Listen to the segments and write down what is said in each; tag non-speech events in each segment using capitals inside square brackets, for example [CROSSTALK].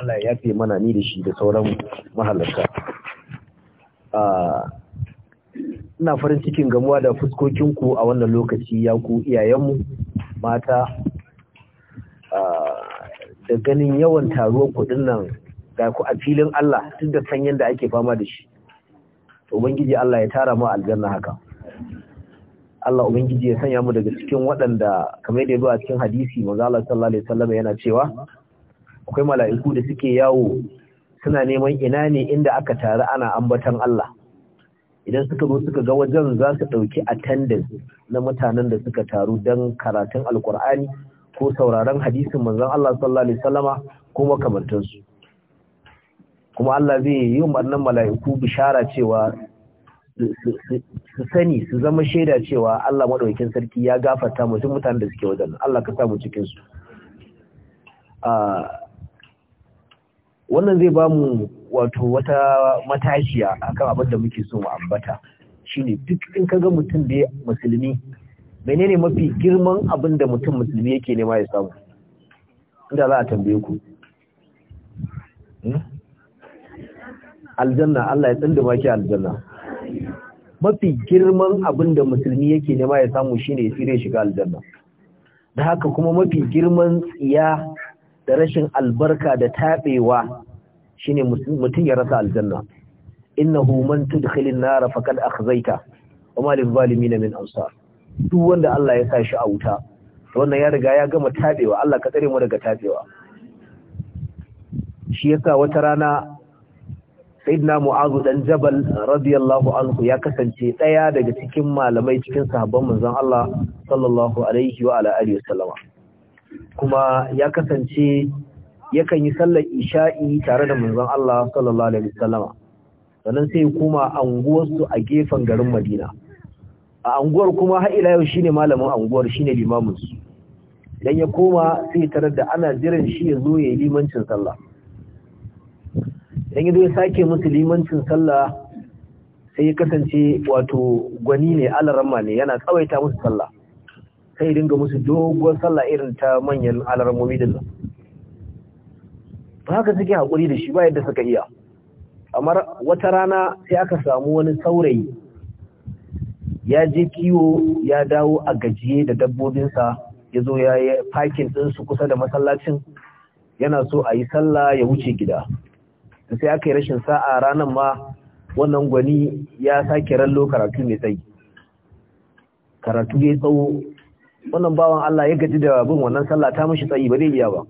Allah ya yafe mana ni da shi da sauran mahalarta ina farin cikin gamuwa da fuskokinku a wannan lokaci ya ku iyayenmu mata da ganin yawan taruwar kuɗin nan ga ku a filin Allah duk da sanyin da ake fama da shi ubangiji Allah ya tara mu aljanna haka Allah ubangiji ya sanya mu daga cikin waɗanda kamar da ya zo a cikin hadisi maza Allah sallallahu alaihi wasallam yana cewa akwai mala'iku da suke yawo suna neman ina ne inda aka taru ana ambatan Allah idan suka zo suka ga wajen za su ɗauki attendance na mutanen da suka taru don karatun alkur'ani ko sauraron hadisin manzon Allah sallallahu alaihi wasallama ko makamantansu kuma Allah zai yi wannan mala'iku bishara cewa su sani su zama shaida cewa Allah maɗaukin sarki ya gafarta mutum mutanen da suke wajen Allah ka sa mu cikin su ah, wannan zai ba mu wato wata matashiya akan abin da muke so mu ambata shine duk in ka ga mutum da ya musulmi menene mafi girman abin da mutum musulmi yake nema ya samu inda za a tambaye ku hmm? aljanna Allah ya tsindima ki aljanna mafi girman abin da musulmi yake nema ya samu shine ya tsire shiga aljanna da haka kuma mafi girman tsiya da rashin albarka da taɓewa shine mutum ya rasa aljanna innahu man tudkhilin nar faqad akhzaita wa ma lizalimin min ansar duk wanda Allah ya sa shi a wuta wannan ya riga ya gama taɓewa Allah ka tsare mu daga taɓewa shi yasa wata rana sayyidina mu'azu dan jabal radiyallahu anhu ya kasance ɗaya daga cikin malamai cikin sahabban manzon Allah sallallahu alaihi wa ala alihi sallama. kuma ya kasance yakan yi sallar isha'i tare da manzon Allah sallallahu alaihi wasallama sannan sai kuma anguwarsu a gefen garin Madina a anguwar kuma har ila yau shine malamin anguwar shine limamin su dan ya koma sai tare da ana jiran shi ya zo yayi limancin sallah dan ya ya sake musu limancin sallah sai ya kasance wato gwani ne alaramma ne yana tsawaita musu sallah sai dinga musu doguwar sallah irin ta manyan alarmomi din nan haka suke haƙuri da shi ba yadda suka iya amma wata rana sai aka samu wani saurayi ya je kiwo ya dawo a gajiye da dabbobinsa ya zo ya yi fakin ɗinsu kusa da masallacin yana so a yi sallah ya wuce gida sai aka yi rashin sa'a ranar ma wannan gwani ya sake rallo karatu mai tsayi karatu ya tsawo wannan bawan Allah ya gaji da bin wannan sallah ta mishi tsayi ba zai iya ba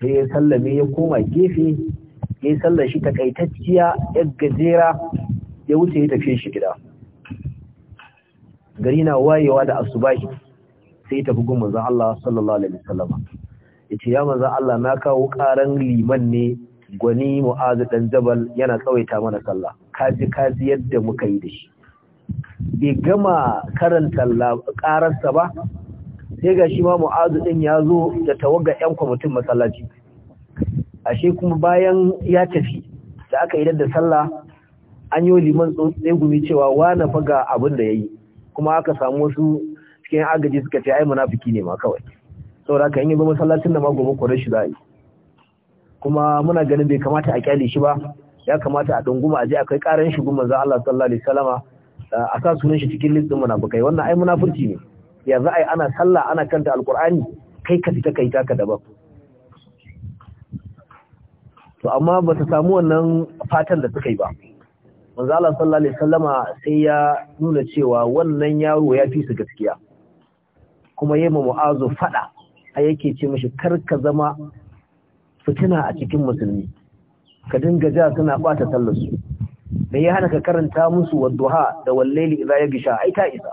sai ya sallame ya koma gefe ya yi sallar shi takaitacciya ya gajera ya wuce ya tafi shi gida gari na wayewa da asubahi sai ya tafi gun Allah sallallahu alaihi wasallam ce ya manzon Allah na kawo karan liman ne gwani mu'azu dan jabal yana tsawaita mana sallah kaji kaji yadda muka yi da shi bai gama karanta ƙararsa ba sai ga shi ma mu'azu ɗin ya zo da tawaga 'yan kwamitin masallaci ashe kuma bayan ya tafi da aka idan da sallah an yi liman gumi cewa wa na faga abin da ya yi kuma aka samu wasu cikin agaji suka ce ai munafiki ne ma kawai saboda haka yi ba masallacin da ma gobe kwarar shi za a kuma muna ganin bai kamata a kyale shi ba ya kamata a dunguma a je akwai kai karan shi gumman za Allah sallallahu alaihi wasallama a sa sunan shi cikin listin munafukai wannan ai munafurci ne ya za ana sallah ana kanta alkur'ani kai ka fita kai taka daban to amma ba ta samu wannan fatan da suka yi ba manzo Allah sallallahu alaihi wasallama sai ya nuna cewa wannan yaro ya fi su gaskiya kuma yayi mu'azu fada a yake ce mishi kar ka zama fitina a cikin musulmi ka dinga ja suna bata sallar su me ya hana ka karanta musu wadduha da wallaili ya yagsha ai ta isa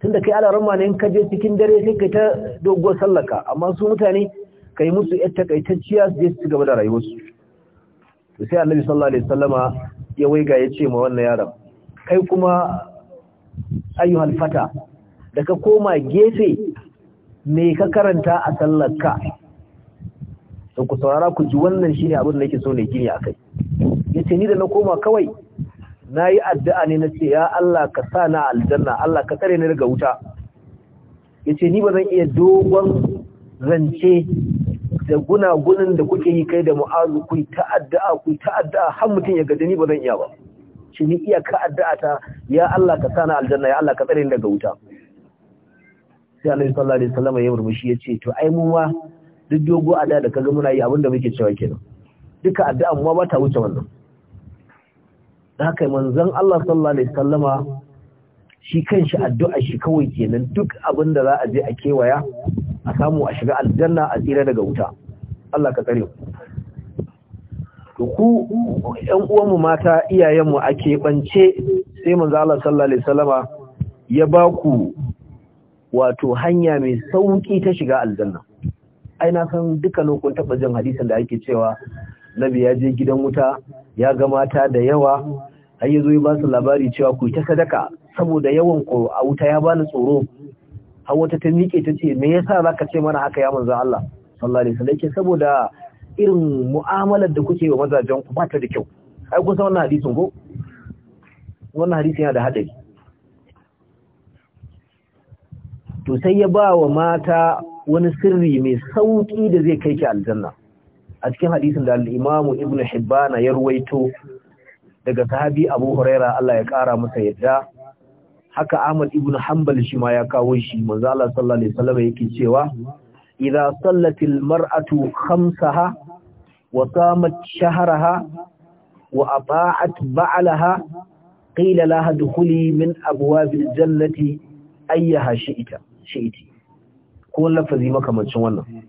tunda kai alaran ne in ka je cikin dare sai ka ta doguwar sallaka amma su mutane kai musu yar takaitacciya su je su gaba da rayuwarsu to sai annabi sallallahu alaihi wasallama ya waiga ya ce ma wannan yaron kai kuma ayyuhal fata da ka koma gefe me ka karanta a sallarka to ku saurara ku ji wannan shine abin da yake so ne gini akai yace ni da na koma kawai na yi addu'a ne na ce ya Allah ka sa na aljanna Allah ka tsare ni daga wuta yace ni ba zan iya dogon zance da gunagunin da kuke yi kai da mu'azu ku ta addu'a ku ta addu'a har mutum ya gaji ni ba zan iya ba ce ni iya ka addu'a ta ya Allah ka sa na aljanna ya Allah ka tsare ni daga wuta sai Allah sallallahu alaihi wasallam ya murmushi ya ce to ai mu ma duk dogo ada da kaga muna yi abinda muke cewa kenan duka addu'a mu ba ta wuce wannan da haka manzon Allah sallallahu alaihi wasallama shi kanshi addu'a shi kawai kenan duk abin da za a je a kewaya a samu a shiga aljanna a tsira daga wuta Allah ka tsare ku ku uwan uwanmu mata iyayen mu ake ɓance sai manzon Allah sallallahu alaihi wasallama ya ba ku wato hanya mai sauki ta shiga aljanna ai na san duka kun taba jin hadisin da ake cewa nabi ya je gidan wuta ya ga mata da yawa har yazo ya ba su labari cewa ku ta sadaka saboda yawan ku a wuta ya bani tsoro har wata ta miƙe ta ce me yasa zaka ce mana haka ya manzo Allah sallallahu alaihi wasallam saboda irin mu'amalar da kuke wa mazajen ku bata da kyau ai kun san wannan hadisin ko wannan hadisi yana da hadari to sai ya ba wa mata wani sirri mai sauki da zai kai ki aljanna a cikin hadisin da al Ibn Hibban ya ruwaito daga sahabi Abu Huraira Allah ya kara masa yadda haka Ahmad ibn Hanbal shi ma ya kawo shi manzo Allah sallallahu alaihi wasallam yake cewa idza sallatil mar'atu khamsaha wa samat shahraha wa ata'at ba'laha qila laha dukhuli min abwabil jannati ayyaha shi'ita shi'iti ko lafazi makamancin wannan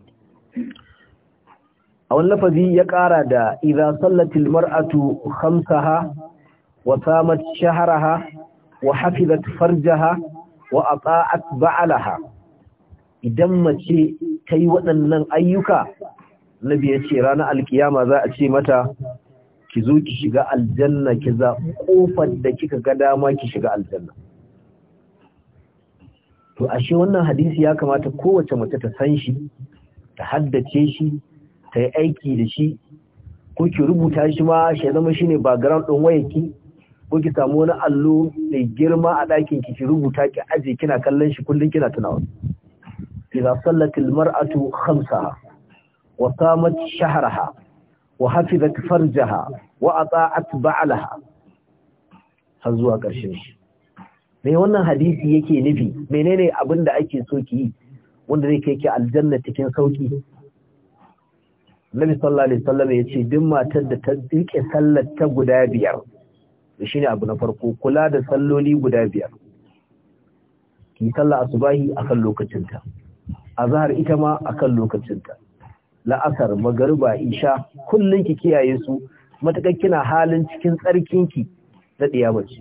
a wani lafazi ya ƙara da iza sallatil mar'atu khamsaha wa samat Shaharaha wa hafizat farjaha wa ata'at ba'alaha idan mace ta yi waɗannan ayyuka nabi ya ce ranar alkiyama za a ce mata ki zo ki shiga aljanna ki za da kika ga dama ki shiga aljanna to ashe wannan hadisi ya kamata kowace mace ta san shi ta haddace shi ta yi aiki da shi ko ki rubuta shi ma shi zama shi ne background ɗin wayarki ko ki samu wani allo mai girma a ɗakin ki rubuta ki aje kina kallon shi kullum kina tunawa Iza sallat mar'atu khamsa wa Samat shahraha wa hafizat farjaha wa ata'at ba'laha har zuwa ƙarshen shi me wannan hadisi yake nufi menene abin da ake so ki yi wanda zai kai ki aljanna cikin sauki Nabi sallallahu alaihi wasallam ya ce duk matar da ta rike sallar ta guda biyar shine abu na farko kula da salloli guda biyar ki sallar asubahi akan lokacinta azhar ita ma akan lokacinta la'asar magariba isha kullun ki kiyaye su matakan kina halin cikin tsarkin ki da diyabaci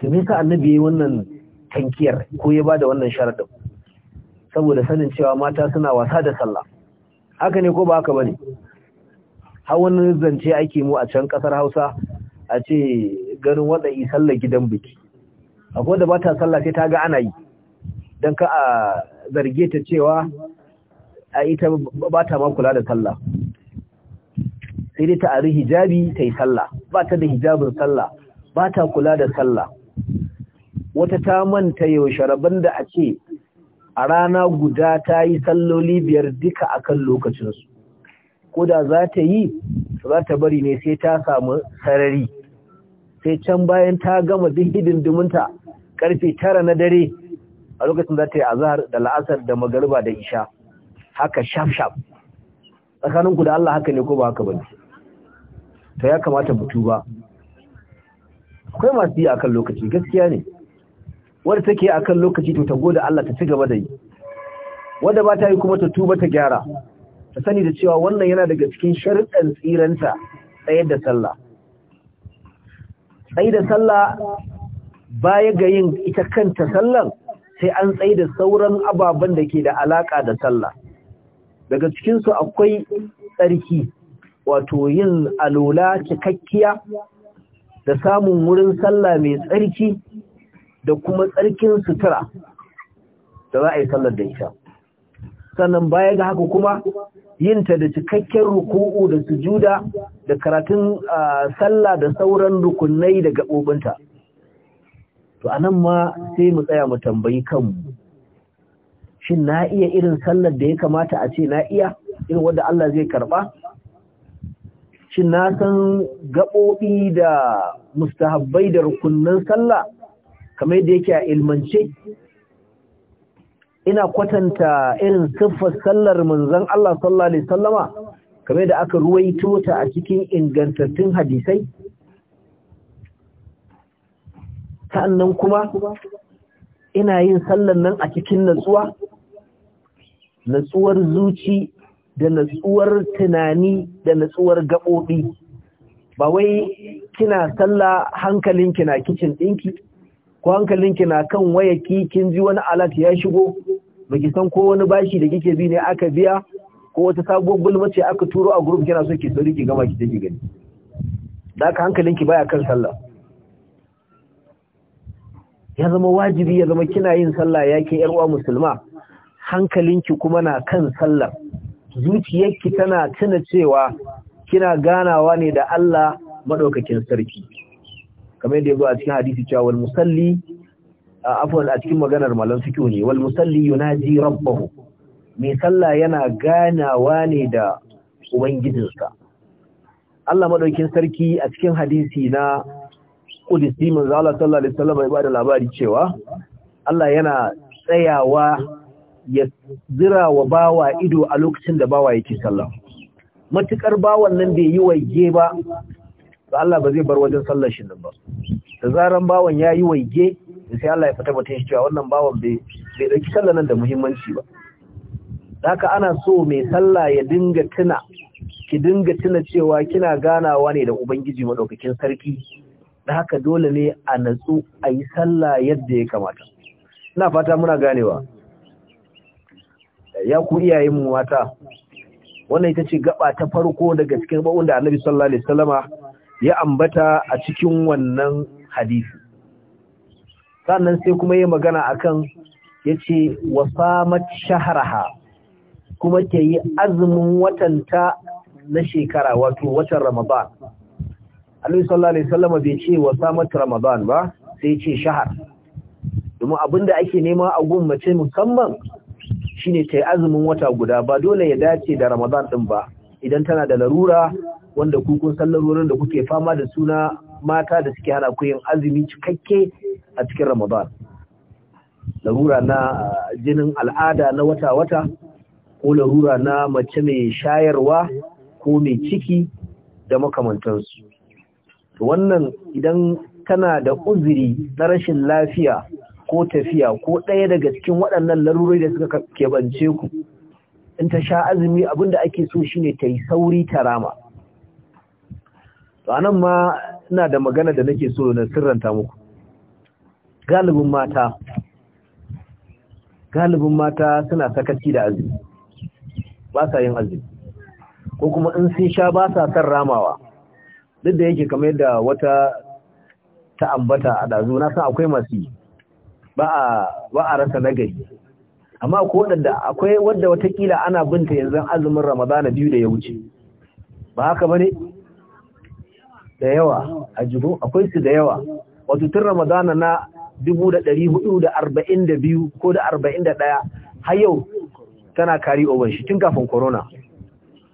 to me sa annabi wannan tankiyar ko ya bada wannan sharadin saboda sanin cewa mata suna wasa da sallah haka ne ko ba haka bane har hawan zance ake mu a can kasar Hausa a ce ganin wanda yi sallar gidan biki akwai da ba sallah sai ta ga ana yi dan ka a zarge ta cewa a ita ba ta ma kula da sallah sai dai ta ari hijabi ta yi sallah ba ta da hijabin sallah ba ta kula da sallah wata ta manta yaushe sharaban da a ce a rana guda ta yi salloli biyar duka akan lokacinsu ko da za ta yi za ta bari ne sai ta samu sarari sai can bayan ta gama duk duminta karfe tara na dare a lokacin za ta yi azahar da la'asar da magariba da isha haka shaf-shaf tsakaninku da Allah haka ne ko ba haka bane to ya kamata mutu ba akwai masu yi akan lokaci gaskiya ne wadda take akan lokaci to ta gode Allah ta ci gaba da yi wanda ba ta yi kuma ta tuba ta gyara ta sani da cewa wannan yana daga cikin sharuɗan tsiranta tsayar da sallah tsayi da sallah baya ga yin ita kanta sallan sai an tsai da sauran ababen da ke da alaƙa da sallah daga cikinsu akwai tsarki wato yin alola cikakkiya da samun wurin sallah mai tsarki da kuma tsarkin sutura da za a yi sallar da isha sannan baya ga haka kuma yinta da cikakken ruku'u da sujuda da karatun sallah da sauran rukunai da gaɓoɓinta to a nan ma sai mu tsaya mu tambayi kanmu shin na iya irin sallar da ya kamata a ce na iya irin wanda Allah zai karɓa shin na san gaɓoɓi da mustahabbai da rukunan sallah kamar da yake a ilmance ina kwatanta irin siffar sallar manzon Allah sallallahu alaihi wasallama kamar da aka ruwaito ta a cikin ingantattun hadisai sannan kuma ina yin sallar nan a cikin natsuwa natsuwar zuci da natsuwar tunani da natsuwar gaɓoɓi ba wai kina sallah hankalinki na kicin ɗinki ko hankalinki na kan waya ki kin ji wani alat ya shigo baki san ko wani bashi da kike bi ne aka biya ko wata sabuwar gulma ce aka turo a group kina so ki sauri ki gama ki take gani da hankalin hankalinki baya kan sallah ya zama wajibi ya zama kina yin sallah ke yar uwa musulma hankalinki kuma na kan sallah zuciyarki tana tuna cewa kina ganawa ne da Allah madaukakin sarki kamar yadda ya zo a cikin hadisi cewa wal musalli afwan a cikin maganar malam suke ne wal musalli yunaji rabbahu mai sallah yana ganawa ne da ubangijinsa Allah madaukin sarki a cikin hadisi na Qudsi manzo Allah sallallahu alaihi wasallam ya bada labari cewa Allah yana tsayawa ya zira wa bawa ido a lokacin da bawa yake sallah matukar bawan nan bai yi waje ba to Allah ba zai bar wajen sallar shi nan ba da zaran bawan ya yi waige sai Allah ya fata batun shi cewa wannan bawan bai bai dauki sallar nan da muhimmanci ba haka ana so mai sallah ya dinga tuna ki dinga tuna cewa kina ganawa ne da ubangiji madaukakin sarki da haka dole ne a natsu a yi sallah yadda ya kamata ina fata muna ganewa ya ku iyayen mu mata wannan ita ce gaba ta farko daga cikin bawun da Annabi sallallahu alaihi wasallama ya ambata a cikin wannan hadisi sannan sai kuma yi magana akan yace wasamat shahraha kuma ta yi azumin watanta na shekara wato watan Ramadan Annabi sallallahu alaihi wasallam bai ce wasamat Ramadan ba sai ce shahar domin abinda ake nema a gun mace musamman shine ta yi azumin wata guda ba dole ya dace da Ramadan din ba idan tana da larura wanda ku kun san da kuke fama da suna mata da suke hana ku yin azumi cikakke a cikin Ramadan larura na ah, jinin al'ada na wata-wata ko larura na mace mai shayarwa ko mai ciki da makamantansu wannan idan tana da uzuri na rashin lafiya ko tafiya ko ɗaya daga cikin waɗannan larurori da suka keɓance ku in ta sha azumi abin abinda ake so shine ta yi sauri ta rama to anan ma ina da magana da nake so na sirranta muku galibin mata galibin mata suna sakaci da azumi ba sa yin azumi ko kuma in sun sha ba sa san ramawa duk da yake kamar yadda wata ta ambata a ɗazu, na san akwai masu ba a rasa nagari amma ko wadanda akwai wadda watakila ana binta yanzu azumin ramadana biyu da ya wuce ba haka bane da yawa a jibo akwai su da yawa wato tun ramadana na 1442 ko da 41 har yau tana kari over shi tun kafin corona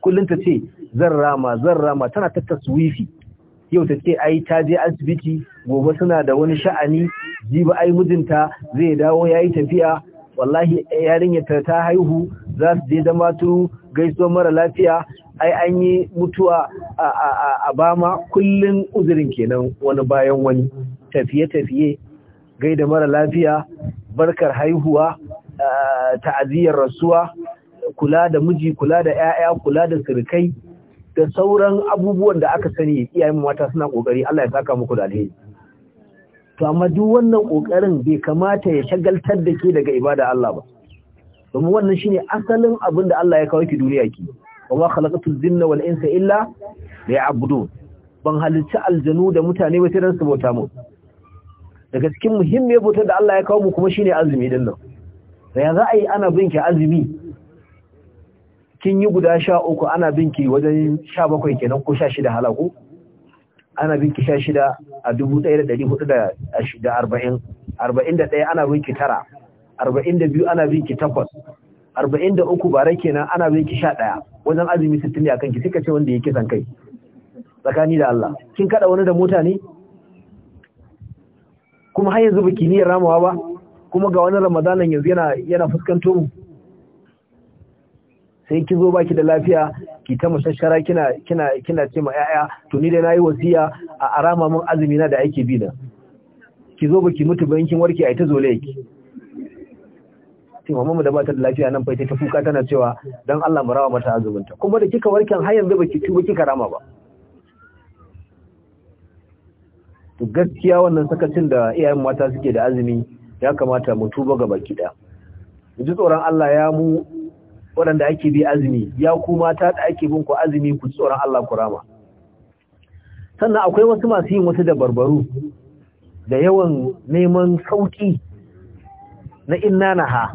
kullum ta ce zan rama zan rama tana ta taswifi yau ta ce ai ta je asibiti gobe suna da wani sha'ani Ji ba, ai mijinta zai dawo yayi tafiya wallahi eh, yarinya ta ta haihu za su je zama turu gaisuwar mara lafiya ai an yi mutuwa a bama kullum uzurin kenan wani bayan wani tafiye-tafiye gaida mara lafiya barkar haihuwa ta'aziyar rasuwa kula da miji kula da 'ya'ya kula da sirkai da sauran abubuwan da aka sani iyayen mata suna kokari Allah ya saka muku da alheri to amma duk wannan kokarin bai kamata ya shagaltar da ke daga ibada Allah ba domin wannan shine asalin abin da Allah ya kawo ki duniya ki wa khalaqatul jinna wal insa illa liya'budun ban halitta aljanu da mutane ba sai su bauta mu daga cikin muhimmiyar bautar da Allah ya kawo mu kuma shine azumi din nan da ya za a yi ana bin ki azumi kin yi guda sha uku ana bin ki wajen sha bakwai kenan ko sha shida halaku ana binki sha shida a dubu ɗaya da ɗari hudu da arba'in arba'in da ɗaya ana binki tara arba'in da biyu ana binki takwas arba'in da uku bare kenan ana binki sha ɗaya wajen azumi sittin ne a kanki suka ce wanda ya kisan kai tsakani da Allah kin kaɗa wani da mota ne kuma har yanzu baki niyyar ramawa ba kuma ga wani ramadanan yanzu yana yana fuskanto mu sai ki zo baki da lafiya ki ta mashashara kina kina kina ce ma yaya to ni da nayi wasiya a arama mun azumi na da ake bi da ki zo baki mutu ban kin warke ai ta zole ki sai mamamu da bata da lafiya nan fa ta kuka tana cewa dan Allah mu rawa mata azuminta kuma da kika warken har yanzu baki tuba kika rama ba to gaskiya wannan sakacin da iyayen mata suke da azumi ya kamata mu tuba ga baki da ji tsoron Allah ya mu waɗanda ake bi azumi ya kuma mata da ake bin ku azumi ku tsoron Allah ku rama sannan akwai wasu masu yin wasu dabarbaru da yawan neman sauki na inna naha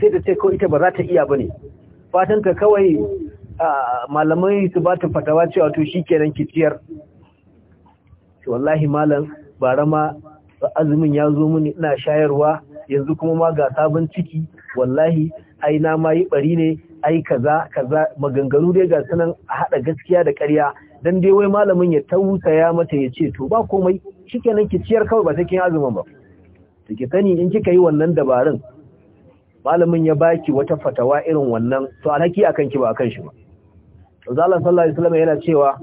sai da ce ko ita ba za ta iya bane fatan ka kawai malamai su ba ta fatawa cewa to shikenan ki ciyar wallahi malam bara ma azumin ya zo mini ina shayarwa yanzu kuma ma ga sabon ciki wallahi ai na ma yi bari ne ai kaza kaza maganganu dai ga sanan a haɗa gaskiya da ƙarya dan dai wai malamin ya tausaya mata ya ce to ba komai shikenan ki ciyar kawai ba sai kin azumin ba to ki sani in kika yi wannan dabarun malamin ya baki wata fatawa irin wannan to alhaki akan ki ba akan shi ba zalla sallallahu alaihi wasallam yana cewa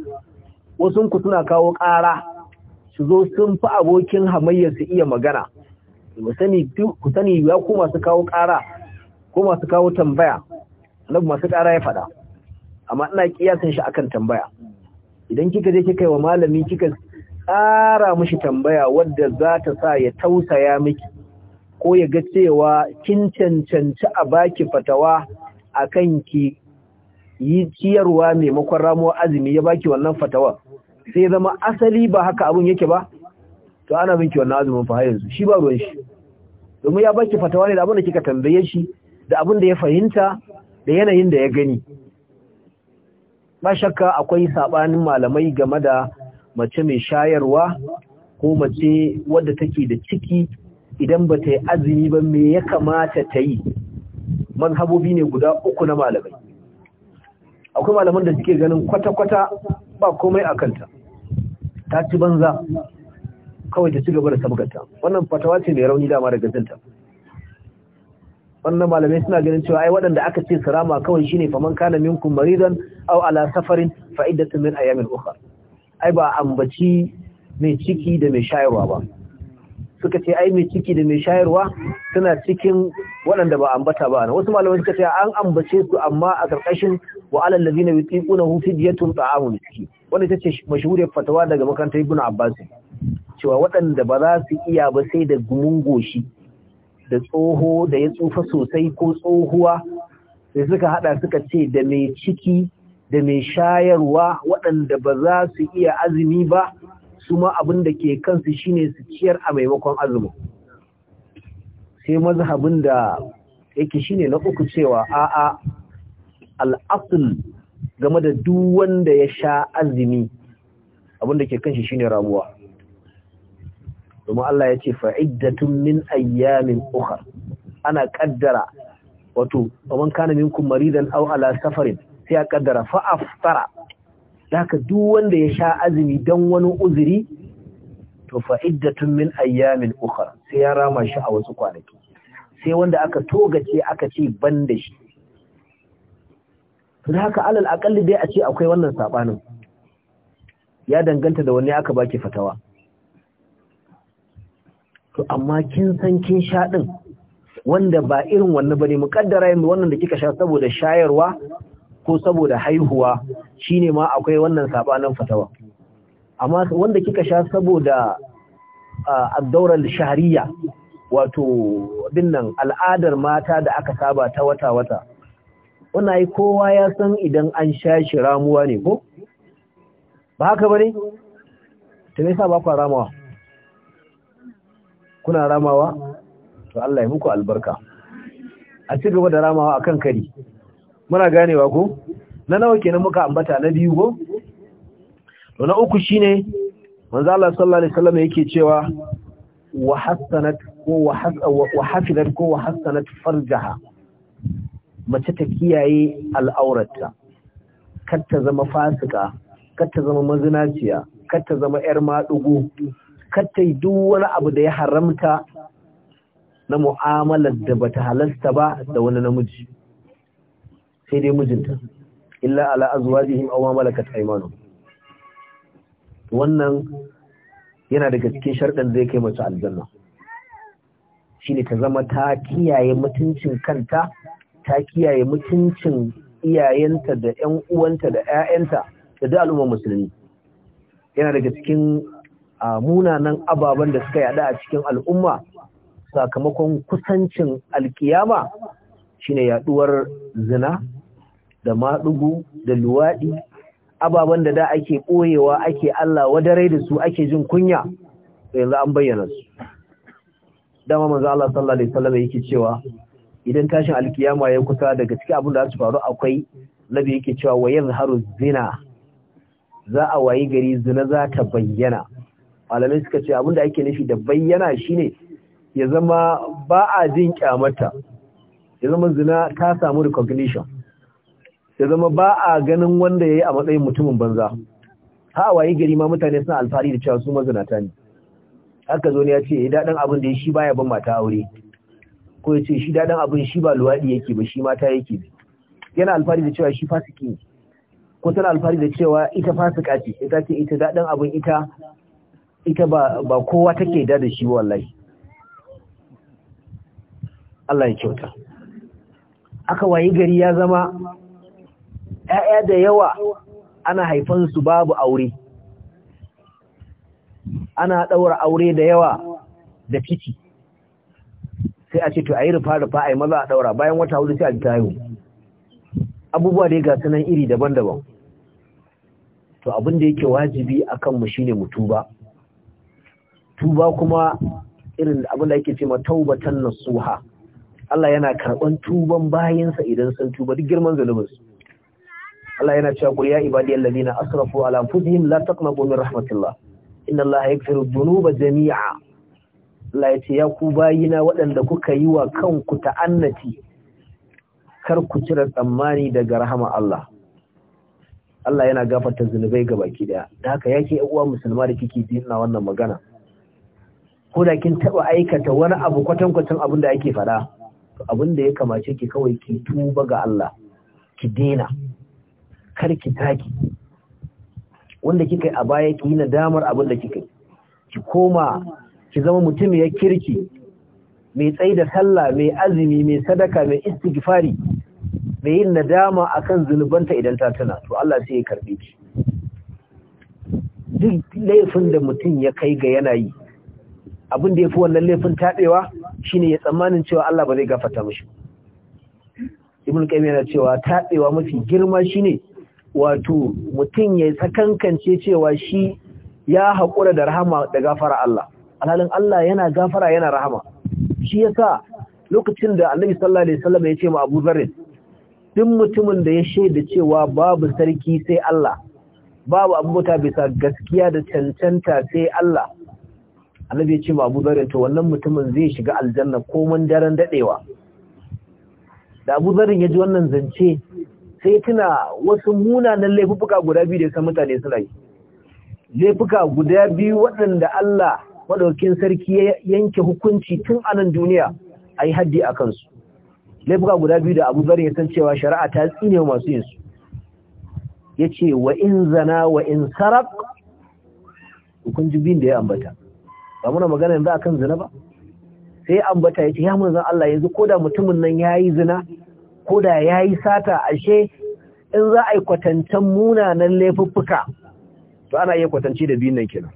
wasu ku suna kawo ƙara su zo sun fi abokin hamayya su iya magana ku sani ku sani ya ku masu kawo ƙara ko masu kawo tambaya na masu ƙara ya faɗa amma ina kiyasin shi akan tambaya idan kika je kika yi wa malami kika tsara mishi tambaya wadda za ta sa ya tausaya miki ko ya ga cewa kin cancanci a baki fatawa akan ki yi ciyarwa maimakon ramuwar azumi ya baki wannan fatawar sai zama asali ba haka abun yake ba to ana binki wannan azumin fa yanzu shi ba ruwan shi domin ya baki fatawa ne da abin da kika tambaye shi da abin da ya fahimta da yanayin da ya gani ba shakka akwai saɓanin malamai game da mace mai shayarwa ko mace wadda take da ciki idan ba ta yi azumi ba me ya kamata ta yi Man habobi ne guda uku na malamai akwai malaman da suke ganin kwata-kwata ba komai a kanta ta ci banza kawai ta ci gaba da sabgata wannan fatawa ce mai rauni dama daga zinta wannan malamai suna ganin cewa ai waɗanda aka ce sarama kawai shine faman kana minkum maridan aw ala safarin fa iddatu min ayamin ukhra ai ba ambaci mai ciki da mai shayarwa ba suka ce ai mai ciki da mai shayarwa suna cikin waɗanda ba ambata ba wasu malamai suka ce an ambace su amma a karkashin wa alal ladina yutiquna hu fidyatun ta'amu miski wanda ita ce mashhuriyar fatawa daga makarantar ibnu Abbas cewa waɗanda ba za su iya ba sai da gumun goshi da tsoho da ya tsufa sosai ko tsohuwa sai suka hada suka ce da mai ciki da mai shayarwa waɗanda ba za su iya azumi ba su ma abin da ke kansu shine su ciyar a maimakon azumi sai mazhabin da yake shine na uku cewa a'a al'asul game da duk wanda ya sha azumi abin da ke kanshi shine ramuwa domin Allah ya ce fa'iddatun min ayyamin ukhar ana kaddara wato domin kana minkun maridan Au ala safarin sai a kaddara fa aftara haka duk wanda ya sha azumi don wani uzuri to fa'iddatun min ayyamin ukhar sai ya rama shi a wasu kwanaki sai wanda aka toga ce aka ce ban da shi to haka alal akalli dai a ce akwai wannan saɓanin, ya danganta da wani aka baki fatawa to amma kin san kin sha din wanda ba irin wannan bane mukaddara yin wannan da kika sha saboda shayarwa ko saboda haihuwa shine ma akwai wannan sabanin fatawa amma wanda kika sha saboda ad Shari'a, al wato dinnan al'adar mata da aka saba ta wata-wata wannan ai kowa ya san idan an sha shi ramuwa ne ko ba haka bane to me yasa ba ku ramawa kuna ramawa to Allah ya muku albarka a ci gaba da ramawa akan kari muna ganewa ko na nawa kenan muka ambata na biyu ko to na uku shine manzo Allah sallallahu alaihi wasallam yake cewa wa hasanat ko wa ko wa hasanat farjaha mace ta kiyaye al'auratta kar ta zama fasika kar ta zama mazinaciya kar ta zama yar madugo yi duk wani abu da ya haramta na mu'amalar da bata halasta ba da wani namiji sai dai mijinta illa ala azwajihim aw ma malakat aymanuhum wannan yana daga cikin sharɗin zai kai mace aljanna shine ta zama ta kiyaye mutuncin kanta ta kiyaye mutuncin iyayenta da ƴan uwanta da ƴaƴanta da duk al'ummar musulmi yana daga cikin a munanan ababen da suka yada a cikin al'umma sakamakon kusancin alkiyama shine yaduwar zina da maɗugu da luwaɗi ababen da da ake ɓoyewa ake Allah wadare da su ake jin kunya yanzu an bayyana su dama manzo Allah sallallahu alaihi wasallam yake cewa idan tashin alkiyama ya kusa daga cikin abin da za su faru akwai nabi yake cewa wa haru zina za a wayi gari zina za ta bayyana malamai suka ce abinda ake nufi da bayyana shine ya zama ba a jin kyamata ya zama zina ta samu recognition ya zama ba a ganin wanda ya yi a matsayin mutumin banza ha waye gari ma mutane suna alfahari da cewa su mazinata ne haka zo ne ya ce ya eh, daɗin abin da ya shi baya ban mata aure ko ya ce shi daɗin abin shi ba luwaɗi yake ba shi mata yake ba yana alfahari da cewa shi fasiki ne ko tana alfahari da cewa ita fasika ce ita ce ita daɗin abin ita ita ba kowa take da da shi wallahi Allah ya kyauta aka wayi gari ya zama ‘ya'ya da yawa ana su babu aure ana ɗaura aure da yawa da fiti sai a ce to a yi rufa-rufa a yi maza a ɗaura bayan wata hudu sai a ji tayo abubuwa dai ga sunan iri daban-daban to abin da yake wajibi akan mu shine mutuba ba tuba kuma irin abin da ake ce ma taubatan nasuha Allah yana karɓan tuban bayansa idan sun tuba duk girman su Allah yana cewa qul ya ibadi ladina asrafu ala anfusihim la taqnatu min rahmatillah inna Allah yaghfiru dhunuba jami'a Allah yace ya ku bayina waɗanda kuka yi wa kanku ta'annati kar ku cire tsammani daga rahama Allah Allah yana gafarta zunubai gabaki daya da haka yake uwa musulma da kike dina wannan magana ko da kin taɓa aikata wani abu kwatan-kwatan abin da ake faɗa abin da ya kamace ki kawai ki tuba ga Allah ki dena kar ki taki wanda kika yi a baya ki yi nadamar abin da kika yi ki koma ki zama mutum ya kirki mai tsayi da sallah mai azumi mai sadaka mai istighfari mai yin nadama akan zunubanta idan ta tana to Allah sai ya karbe ki duk laifin da mutum ya kai ga yana yi abin da ya fi wannan laifin taɓewa ne ya tsammanin cewa Allah ba zai gafata mashi ibn qayyim yana cewa taɓewa mafi girma shi ne, wato mutum ya tsakankance cewa shi ya haƙura da rahama da gafara Allah alhalin Allah yana gafara yana rahama shi ya sa lokacin da Annabi sallallahu alaihi wasallam ya ce ma Abu Dharr duk mutumin da ya shaida cewa babu sarki sai Allah babu abubuwa bisa gaskiya da cancanta sai Allah annabi ya ce ma Abu zarin to wannan mutumin zai shiga aljanna koman daren dadewa da Abu zarin ya ji wannan zance sai tuna wasu munanan laifuka guda biyu da san mutane suna yi laifuka guda biyu waɗanda Allah madaukin sarki ya yanke hukunci tun a nan duniya yi haddi a kansu laifuka guda biyu da Abu zarin ya san cewa shari'a ta tsine masu yin su ce wa in zana wa in sarak hukuncin biyun da ya ambata ba muna magana yanzu akan zina ba sai ambata ya ce ya manzan Allah yanzu ko da mutumin nan yayi zina koda yayi sata ashe in za a yi kwatancen munanan laifuffuka to ana iya kwatanci da biyun nan kenan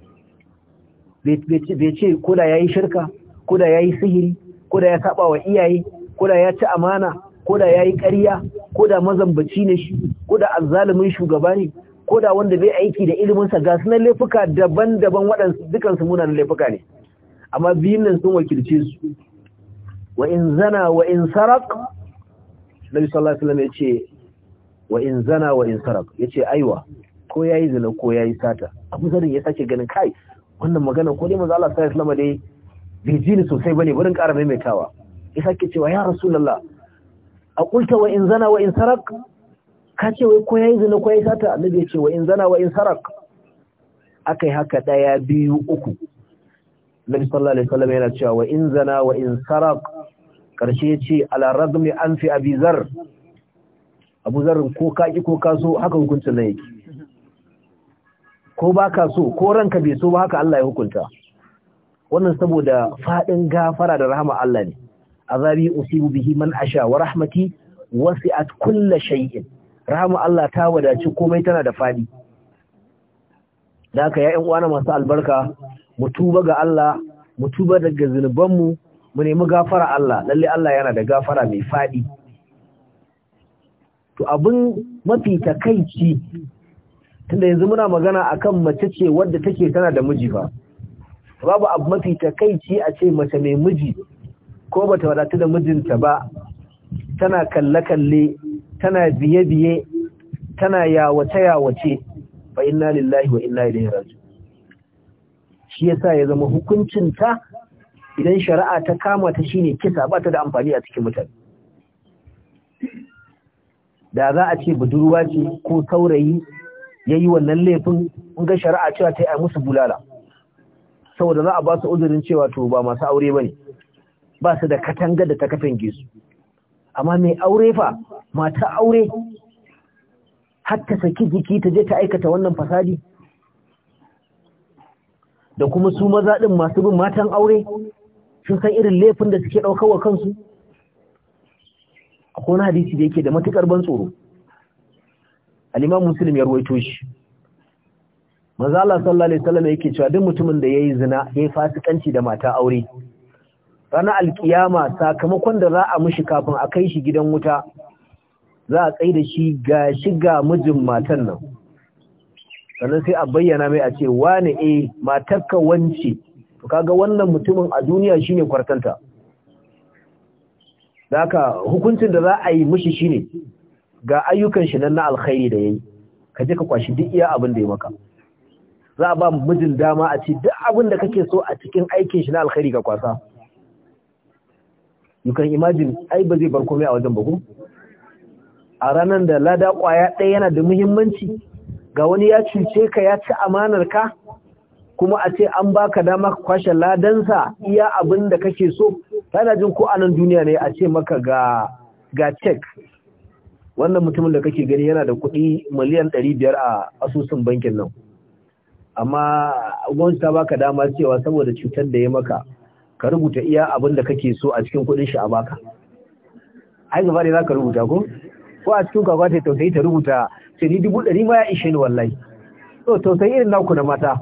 bai ce koda yayi shirka koda yayi sihiri koda ya saba wa iyaye koda ya ci amana koda yayi ya yi ƙarya ko mazambaci ne shi koda azzalumin shugaba ne ko da wanda bai aiki da iliminsa ga sunan laifuka daban-daban waɗansu dukansu munan laifuka ne amma biyun nan sun wakilce su wa in zana wa in sarak nabi sallallahu alaihi wasallam yace wa in zana wa in sarak yace aiwa ko yayi zina ko yayi sata abu zarin ya sake ganin kai wannan magana ko dai manzo Allah sallallahu alaihi wasallam dai bai ji ni sosai bane barin ƙara maimaitawa ya sake cewa ya rasulullah a kulta wa in zana wa in sarak ka ce wai ko yayi zina ko yayi sata annabi ya ce wa in zana wa in sarak akai haka daya biyu uku Nabi sallallahu alaihi wasallam yana cewa wa in zana wa in sarak karshe ya ce ala ragmi an fi abi zar abu zar ko ka ki ko ka so haka hukuncin nan yake ko baka so ko ranka bai so ba haka Allah ya hukunta wannan saboda fadin gafara da rahama Allah ne azabi usibu bihi man asha wa rahmati wasi'at kulli shay'in rahama Allah ta wadaci komai tana da fadi daka haka ya'yan uwana masu albarka mu tuba ga Allah mu tuba daga zunubanmu mu nemi gafara Allah lalle Allah yana da gafara mai fadi to abin mafi takaici tunda yanzu muna magana akan mace ce wadda take tana da miji fa babu abu mafi takaici a ce mace mai miji ko bata wadatu da mijinta ba tana kalle-kalle tana biye-biye tana yawace-yawace fa inna lillahi wa inna ilaihi raji shi yasa ya zama hukuncin ta idan shari'a ta kama ta ne kisa ba ta da amfani a cikin mutane da za a ce budurwa ce ko saurayi ya yi wannan laifin in ga shari'a cewa ta yi a musu bulala saboda za a ba su uzurin cewa to ba masu aure ba ne ba su da katanga da ta katange su amma mai aure fa mata aure har ta saki jiki ta je ta aikata wannan fasadi da kuma su maza din masu bin matan aure sun san irin laifin da suke ɗaukar wa kansu akwai wani hadisi da yake da matukar ban tsoro al'imam musulmi ya ruwaito shi maza Allah sallallahu alaihi wasallam yake cewa duk mutumin da ya yi zina yayi fasikanci da mata aure ranar alkiyama sakamakon da za a mushi kafin a kai shi gidan wuta za a tsaye da shi ga shiga mijin matan nan sannan sai a bayyana mai a ce wane e matarka wance to kaga wannan mutumin a duniya shine kwartanta aka, hukuncin da za a yi mushi shine ga ayyukan shi nan na alkhairi da yayi ka je ka kwashi duk iya abin da ya maka za a ba mijin dama a ce duk abin da kake so a cikin aikin shi na alkhairi ka kwasa you can imagine ai ba zai bar komai a wajen ba ko a ranar da lada kwaya ɗaya yana da muhimmanci ga wani ya cuce ka ya ci amanar ka kuma a ce an baka dama kwashe ladansa iya abin da kake so kana jin ko anan duniya ne a ce maka ga ga check wannan mutumin da kake gani yana da kuɗi miliyan 500 a asusun bankin nan amma gwamnati ta baka dama cewa saboda cutar da ya maka ka rubuta iya abin da kake so a cikin kuɗin shi a baka ai gaba da za ka rubuta ko ko a cikin kwakwa ta tausayi ta rubuta sai ni dubu ɗari ma ya ishe ni wallahi to tausayi irin naku na mata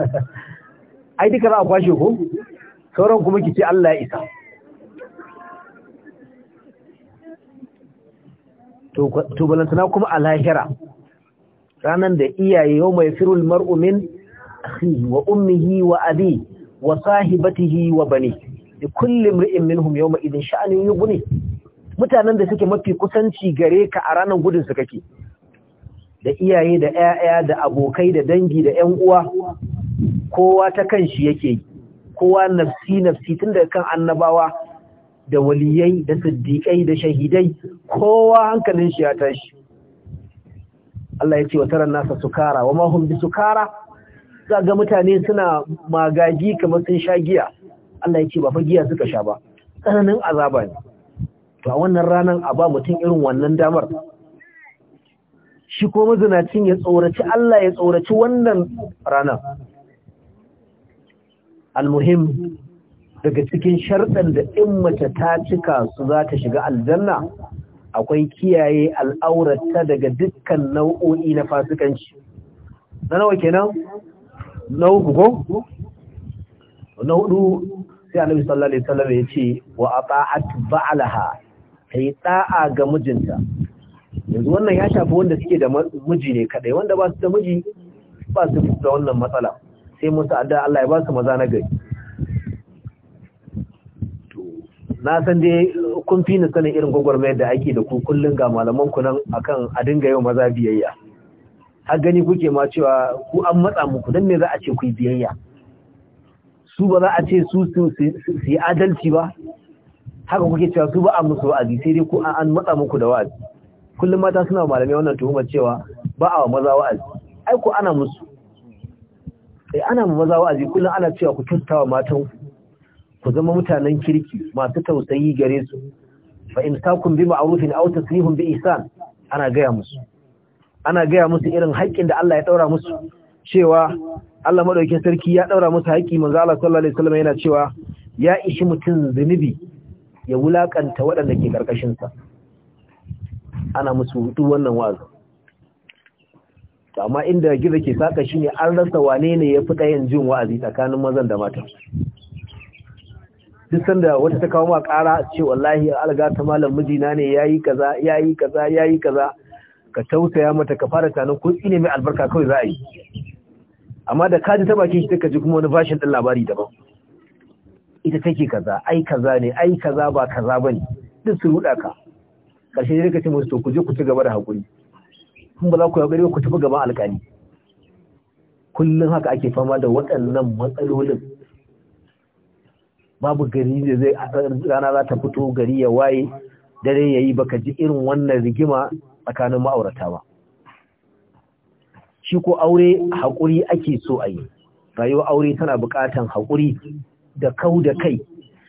[LAUGHS] ai duka za a kwashe ko sauran kuma ki ce Allah ya isa to balantana kuma a lahira ranar da iyaye yau mai firul mar'umin wa ummihi wa abi wa sahibatihi wa bani da kullum ri'in minhum yawma idin sha'anin ne. mutanen da suke mafi kusanci gare ka a ranar gudun su kake da iyaye da ƴaƴa da abokai da dangi da ƴan uwa kowa ta kan shi yake yi kowa nafsi nafsi tun daga kan annabawa da waliyai da siddiƙai da shahidai kowa hankalin shi ya tashi Allah ya ce wa taran nasa sukara wa mahum bi sukara za ga mutane suna magagi kamar sun sha giya Allah ya ce ba fa giya suka sha ba tsananin azaba ne to a wannan ranar a ba mutum irin wannan damar shi ko mazinacin ya tsoraci Allah ya tsoraci wannan ranar almuhim daga cikin sharɗar da in mace ta cika su za ta shiga aljanna akwai kiyaye al'aurata daga dukkan nau'o'i na fasikanci na nawa kenan na uku ko na hudu sai annabi sallallahu alaihi wasallam ya ce wa ata'at ba'laha kai ta'a ga mijinta yanzu wannan ya shafi wanda suke da miji ne kadai wanda ba su da miji ba su da wannan matsala sai musu adda Allah ya ba su maza na gari na san dai kun fi ni sanin irin gwagwarmayar da ake da ku kullum ga malaman ku nan akan a dinga yau maza biyayya har gani kuke ma cewa ku an matsa muku don me za a ce ku yi biyayya su ba za a ce su su yi adalci ba haka kuke cewa su ba a musu wa'azi sai dai ku an matsa muku da wa'azi kullum mata suna malamai wannan tuhumar cewa ba a wa maza wa'azi ai ku ana musu sai eh, ana ma maza wa'azi kullum ana cewa ku tuttawa matan ku zama mutanen kirki masu tausayi gare su fa in takun bi ma'rufin aw taslihun bi ihsan ana gaya musu ana gaya musu irin haƙƙin da Allah ya ɗaura musu cewa Allah maɗaukin sarki ya ɗaura musu haƙƙi manzo Allah sallallahu alaihi wasallam yana cewa ya ishi mutum zunubi ya wulakanta waɗanda ke ƙarƙashinsa, sa ana musu duk wannan wazo amma inda gizo ke saka shi ne, an rasa wane ne ya fi ɗayan jin wa'azi tsakanin mazan da matan duk sanda wata ta kawo ma ƙara ce wallahi alga ta malam mijina ne yayi kaza yayi kaza yayi kaza ka tausaya mata ka fara tanin ko tsine mai albarka kawai za a yi amma da kaji ta bakin shi ta kaji kuma wani bashin ɗin labari daban ita take kaza ai kaza ne ai kaza ba kaza bane duk su ruɗa ka karshe ne ce musu to ku je ku ci gaba da hakuri kun ba za ku hakuri ku tafi gaba alƙali Kullum haka ake fama da waɗannan matsalolin babu gari da zai rana za ta fito gari ya waye dare ya ba baka ji irin wannan rigima tsakanin ma'aurata ba shi ko aure haƙuri ake so a yi rayuwar aure tana buƙatan haƙuri da kau da kai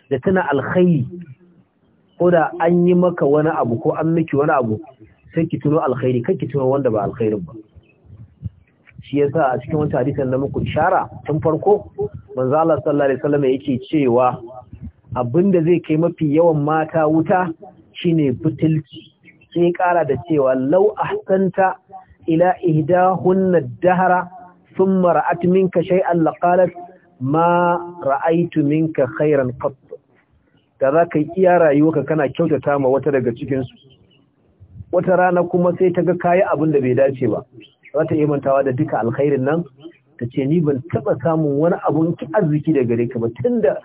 da tana alkhairi ko da an yi maka wani abu ko an miki wani abu sai ki tuno alkhairi kai ki tuno wanda ba alkhairin ba shi yasa a cikin wata hadisin da muku shara tun farko manzo Allah sallallahu alaihi wasallam yake cewa abinda zai kai mafi yawan mata wuta shine butulci sai kara da cewa lau ahsanta ila ihdahunna dahra thumma ra'at minka shay'an laqalat ma ra'aytu minka khairan qat da zaka iya rayuwarka kana kyautata ma wata daga cikin su wata rana kuma sai ta ga kayi abin da bai dace ba za ta imantawa da duka alkhairin nan ta ce ni ban taba samun wani abun ki arziki daga gare ka ba tunda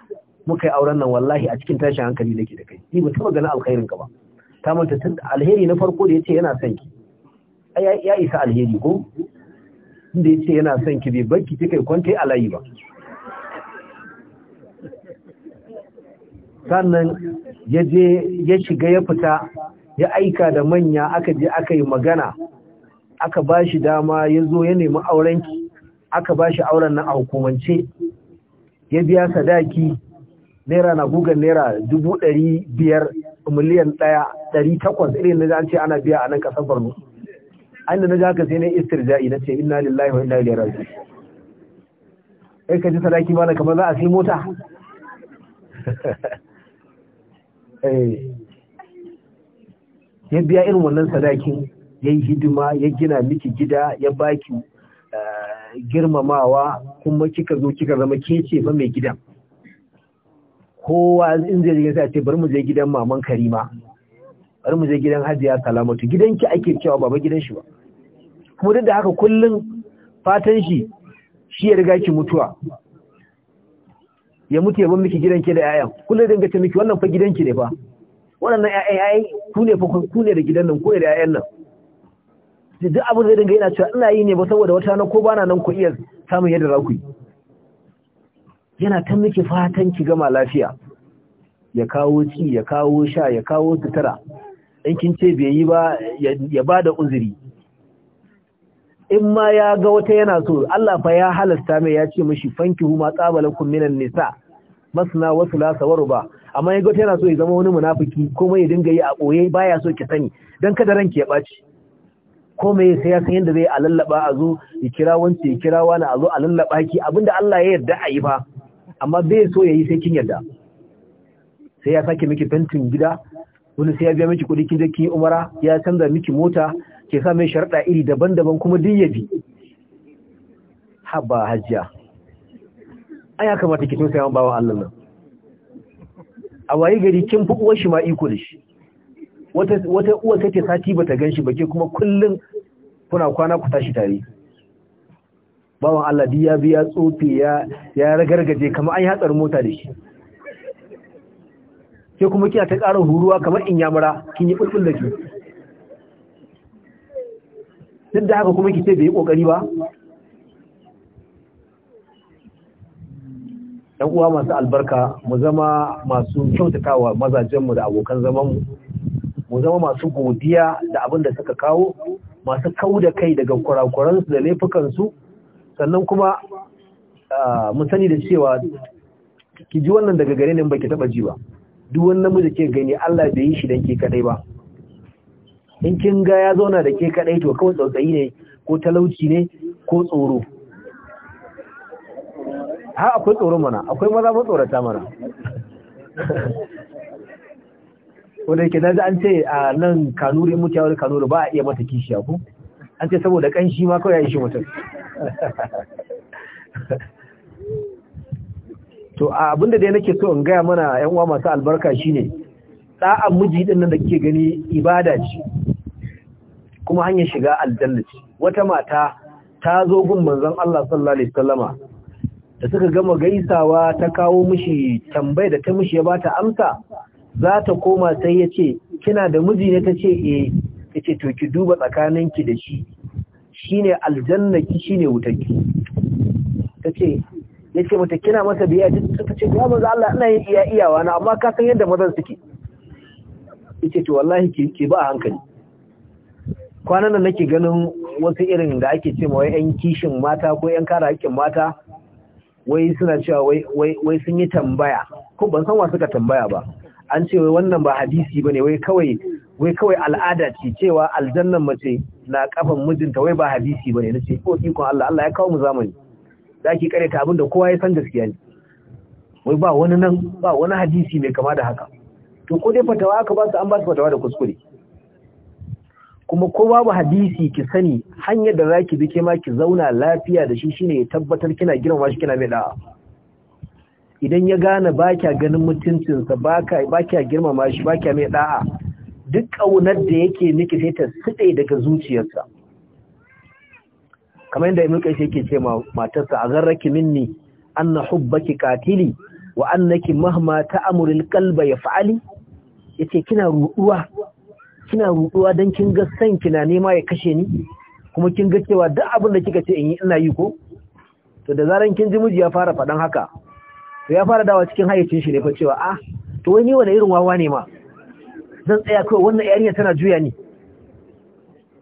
muka yi auren nan wallahi a cikin tashin hankali nake da kai ni ban taba ganin alkhairin ka ba ta manta tun alheri na farko da yace yana son ki ya isa alheri ko inda yace yana son ki bai barki kike kwanta a layi ba sannan ya je ya shiga ya fita ya aika da manya aka je aka yi magana aka ba shi dama ya zo ya nemi aurenki aka ba shi auren nan a hukumance ya biya sadaki naira na gugan naira dubu ɗari biyar miliyan ɗaya ɗari takwas irin da an ce ana biya a nan ƙasar Borno. An da na ja ka sai na istirja'i na ce inna lillahi wa inna ilaihi raji. Kai ka ji sadaki mana kamar za a sai mota. [LAUGHS] Eh. Ya biya irin wannan sadakin ya yi hidima ya gina miki gida ya baki eh, girmamawa kuma kika zo kika zama kece fa mai gidan. kowa in zai je sai a ce bari mu je gidan maman Karima bari mu je gidan Hajiya Salamatu gidanki ake cewa baba gidan shi ba kuma duk da haka kullun fatan shi shi ya riga ki mutuwa ya mutu ya bar miki gidanki da yayan kullun dinga ce miki wannan fa gidanki ne fa wannan yayan yayan ku ne fa ku ne da gidan nan ko da yayan nan duk abin da dinga yana cewa ina yi ne ba saboda wata na ko bana nan ku iya samun yadda za ku yi yana ta miki fatan ki gama lafiya ya kawo ci ya kawo sha ya kawo sutura in kin ce bai yi ba ya ba da uzuri in ma ya ga wata yana so Allah fa ya halasta mai ya ce mishi huma ma tsabalakum minan nisa masna wa thulatha wa ruba amma ya ga wata yana so ya zama wani munafiki komai ya dinga yi a boye baya so ki sani dan kada ranki ya baci mai sai ya san yadda zai a a zo ya kira wance ya kira wani a zo a ki abinda Allah ya yarda a yi fa amma bai so ya yi sai kin yarda sai ya sake miki fentin gida wani sai ya biya miki kuɗi kin je umara ya canza miki mota ke sa mai sharaɗa iri daban-daban kuma din ya haba hajjiya ai ya kamata ki tausaya bawan Allah nan a waye gari kin fi uwar shi ma iko da shi wata wata uwa take sati bata ganshi ba ke kuma kullun kuna kwana ku tashi tare bawan Allah ya biya tsofi ya ya ragargaje kamar an yi hatsar mota da shi Ke kuma kina ta ƙara huruwa kamar in yamura kin yi bulbul da ki duk da haka kuma ki ce bai yi ƙoƙari ba ɗan uwa masu albarka mu zama masu kyautatawa mazajenmu da abokan zamanmu mu zama masu godiya da abin da suka kawo masu kau da kai daga kurakuransu da laifukansu sannan kuma mun sani da cewa ki ji wannan daga gare ne ba ki taba ji ba duk wani namiji ke gani Allah bai yi shi dan ke kadai ba in kin ga ya zauna da ke kadai to kawai tsautsayi ne ko talauci ne ko tsoro ha akwai tsoro mana akwai maza mu tsorata mana [LAUGHS] wanda yake da an ce a nan kanuri mutiyawar kanuri ba a iya mata kishiya ko an ce saboda kanshi ma kawai ya yi shi mutum to abinda dai nake so in gaya mana yan uwa masu albarka shine da'an miji din nan da kike gani ibada ce kuma hanyar shiga aljanna ce wata mata ta zo gun manzon Allah sallallahu alaihi wasallama da suka gama gaisawa ta kawo mishi tambaya da ta mishi ya bata amsa za ta koma sai ya ce kina da miji ne ta ce eh ce to ki duba tsakaninki da shi shine aljannaki shine wutanki tace yace mata kina masa biya ta ce ya manzo Allah ina yin iya iyawa na amma ka san yadda mazan suke yace to wallahi ki ki ba hankali kwanan nan nake ganin wasu irin da ake ce ma wai yan kishin mata ko yan kara hakkin mata wai suna cewa wai wai sun yi tambaya ko ban san wa suka tambaya ba an ce wai wannan ba hadisi bane wai kawai wai kawai al'ada ce cewa aljannan mace na kafan mijinta wai ba hadisi bane nace ko ikon Allah Allah ya kawo mu zamani zaki kare abin da kowa ya san gaskiya ne wai ba wani nan ba wani hadisi mai kama da haka to ko dai fatawa aka ba su an ba su fatawa da kuskure kuma ko babu hadisi ki sani hanyar da zaki bi ke ma ki zauna lafiya da shi shine ya tabbatar kina girma shi kina mai da'a idan ya gane ba kya ganin mutuncinsa ba kya girmama shi ba kya mai da'a duk ƙaunar da yake niki sai ta siɗe daga zuciyarsa kamar yadda muka Qayyim yake ce matarsa a agarraki minni anna hubbaki Katili, wa annaki mahma kalba ya fa'ali? Ya ce kina ruɗuwa kina ruɗuwa don kin ga san kina nema ya kashe ni kuma kin ga cewa duk abin da kika ce in yi ina yi ko to da zaran kin ji miji ya fara faɗan haka to ya fara dawa cikin hayyacin shi ne fa cewa ah to wani wani irin wawa ne ma zan tsaya kawai wannan yarinya tana juya ne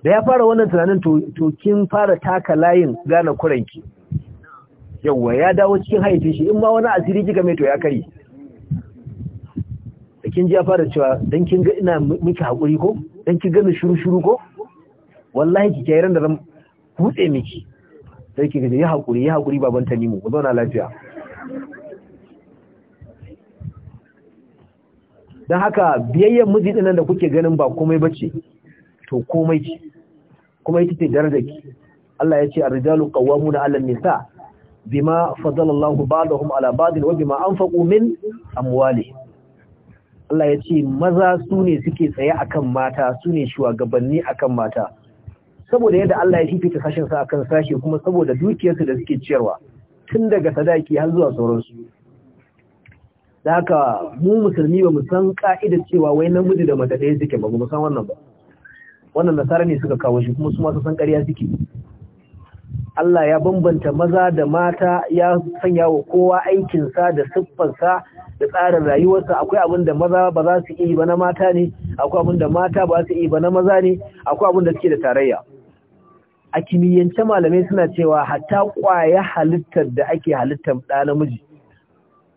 da ya fara wannan tunanin to kin fara taka layin gane kuranki yawwa ya dawo cikin haifin shi in ma wani asiri kika mai to ya kare da kin ji ya fara cewa dan kin ga ina miki hakuri ko dan kin gani shuru shuru ko wallahi ki kai ran da zan hutse miki sai ki ga ya hakuri ya hakuri baban tanimu ku zauna lafiya don haka biyayyen miji ɗin da kuke ganin ba komai bace to komai ce kuma ita ce ke. Allah ya ce ar-rijalu qawwamuna 'ala an-nisa bima faddala Allahu ba'dahum 'ala ba'din wa bima anfaqu min amwalihim Allah ya ce maza su ne suke tsaye akan mata su ne shugabanni akan mata saboda yadda Allah ya fifita sashen sa akan sashe kuma saboda dukiyarsu da suke ciyarwa tun daga sadaki har zuwa sauransu da haka mu musulmi ba mu san ka'idar cewa wai namiji da matafiya ɗaya suke ba mu san wannan ba wannan nasara ne suka kawo shi kuma su masu san ƙarya suke Allah ya bambanta maza da mata ya sanya wa kowa aikinsa da siffarsa da tsarin rayuwarsa akwai abin da maza ba za su iya ba na mata ne akwai abin da mata ba su iya ba na maza ne akwai abin da suke da tarayya a kimiyyance malamai suna cewa hatta kwaya halittar da ake halittar ɗa namiji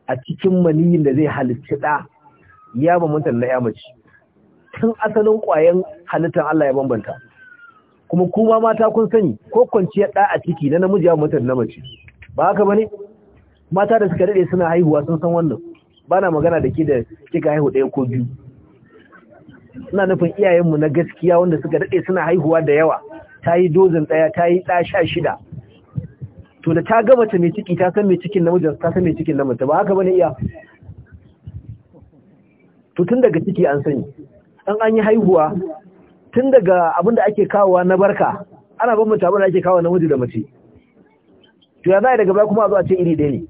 a cikin maniyin da zai halitta ɗa ya bambanta na ya mace tun asalin ƙwayan halittar Allah ya bambanta kuma kuma mata kun sani ko kwanciya ɗa a ciki na namiji ya bambanta na mace ba haka bane mata da suka daɗe suna haihuwa sun san wannan ba na magana da ke da kika haihu ɗaya ko biyu suna nufin iyayenmu na gaskiya wanda suka daɗe suna haihuwa da yawa ta yi dozin ɗaya ta yi ɗa sha shida to da ta gaba ta mai ciki ta san mai cikin namijin ta san mai cikin namijin ba haka bane iya to tun daga ciki an sani an an yi haihuwa tun daga abin da ake kawowa na barka ana bambanta abin da ake kawowa namiji da mace to ya za daga baya kuma a zo a ce iri ɗaya ne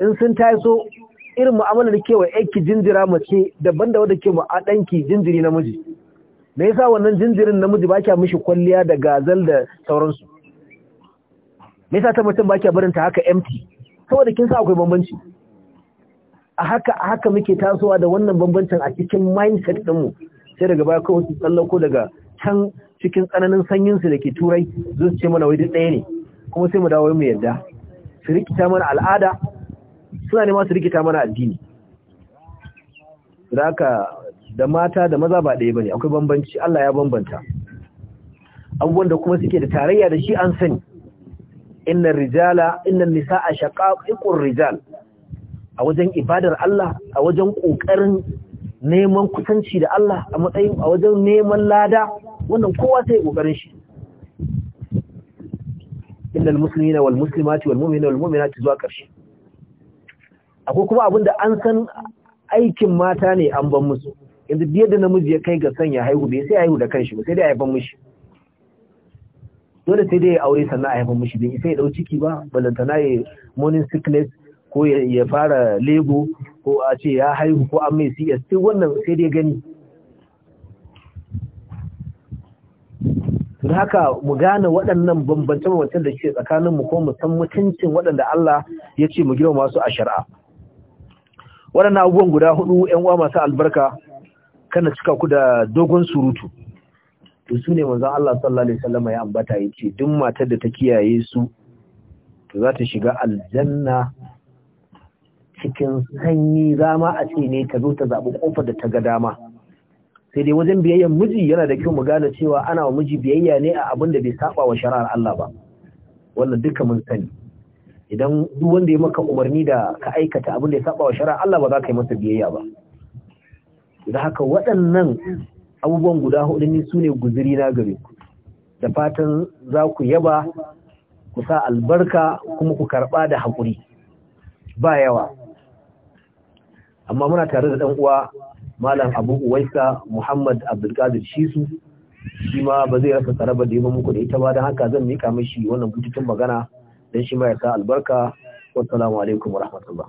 in sun ta so, irin mu'amala da kewa ki jinjira mace daban da wadda ke mu a danki jinjiri namiji me yasa wannan jinjirin namiji ba kya mishi kwalliya da gazal da sauransu me yasa ta mutum baki barin ta haka empty saboda kin sa akwai bambanci a haka a haka muke tasowa da wannan bambancin a cikin mindset din mu sai daga baya kawai su tsallako daga can cikin tsananin sanyin su dake turai zo su ce mana wai duk ɗaya ne kuma sai mu dawo mu yarda su rikita mana al'ada suna nema su rikita mana addini da da mata da maza ba ɗaya bane akwai bambanci Allah ya bambanta abubuwan da kuma suke da tarayya da shi an sani inna rijala inna nisaa shaqaqiqur rijal a wajen ibadar Allah a wajen kokarin neman kusanci da Allah a matsayin a wajen neman lada wannan kowa sai kokarin shi innal muslimina wal muslimati wal mu'minina wal mu'minati zuwa karshe akwai kuma abinda an san aikin mata ne an ban musu yanzu biyar da namiji ya kai ga sanya haihu bai sai haihu da kanshi ba sai dai a ban mishi dole sai dai ya aure sannan a haifar mishi bai isa ya dau ciki ba balantana ya morning sickness ko ya fara lego ko a ce ya haihu ko an mai cs sai wannan sai dai gani don haka mu gane waɗannan bambance-bambancen da ke tsakanin mu ko mu san mutuncin waɗanda Allah ya ce mu girma masu a shari'a waɗannan abubuwan guda hudu ƴan uwa masu albarka kana cika ku da dogon surutu to su ne manzan Allah sallallahu alaihi wasallam ya ambata ya ce, duk matar da ta kiyaye su to za ta shiga aljanna cikin sanyi zama a ce ne ta zo ta zaɓi ƙofar da ta ga dama sai dai wajen biyayyan miji yana da kyau mu gane cewa ana wa miji biyayya ne a abin da bai saba wa shari'ar Allah ba wannan duka mun sani idan duk wanda ya maka umarni da ka aikata abin da ya saba wa shari'ar Allah ba za ka yi masa biyayya ba da haka waɗannan abubuwan guda hudu ne su ne guziri na gare ku da fatan za ku yaba ku sa albarka kuma ku karba da haƙuri ba yawa amma muna tare da ɗan uwa malam abu uwaisa muhammad abdulkadir shisu shi ma ba zai rasa ba da yi muku da ita ba don haka zan mika mashi wannan bututun magana don shi ma ya sa albarka wassalamu alaikum warahmatullah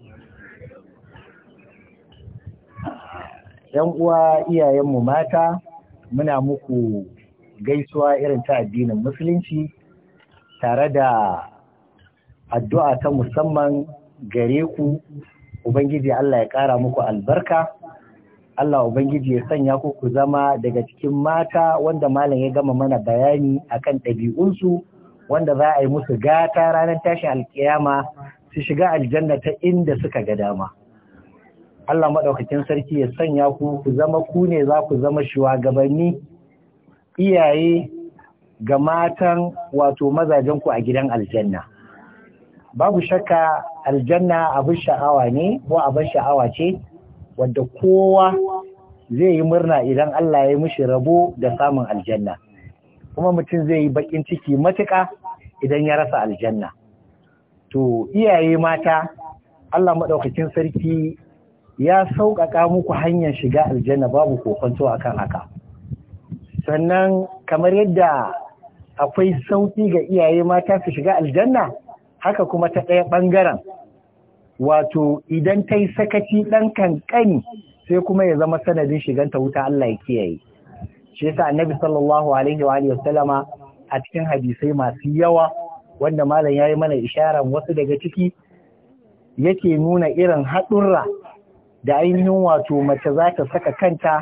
‘yan uwa iyayenmu mata muna muku gaisuwa irin ta addinin musulunci tare da addu'a ta musamman gare ku Ubangiji Allah ya ƙara muku albarka, Allah Ubangiji ya sanya ku ku zama daga cikin mata wanda malam ya gama mana bayani a kan ɗabi'unsu wanda za a yi musu gata ranar tashin alkiyama su shiga aljanna ta inda suka ga dama. Allah maɗaukakin sarki ya sanya ku ku zama ku ne za ku zama shugabanni iyaye ga matan wato mazajen ku a gidan aljanna babu shakka aljanna abin sha'awa ne ko abin sha'awa ce wadda kowa zai yi murna idan Allah ya mushi rabo da samun aljanna kuma mutum zai yi bakin ciki matuka idan ya rasa aljanna to iyaye mata Allah maɗaukakin sarki ya sauƙaƙa muku hanyar shiga aljanna babu kokonto kan haka sannan kamar yadda akwai sauƙi ga iyaye mata su shiga aljanna haka kuma ta ɗaya ɓangaren wato idan ta yi sakaci ɗan kankani sai kuma ya zama sanadin ta wuta Allah ya kiyaye shi yasa annabi sallallahu alaihi wa alihi wasallama a cikin hadisai masu yawa wanda malam ya yi mana isharar wasu daga ciki yake nuna irin haɗurra da ainihin wato mace za ta saka kanta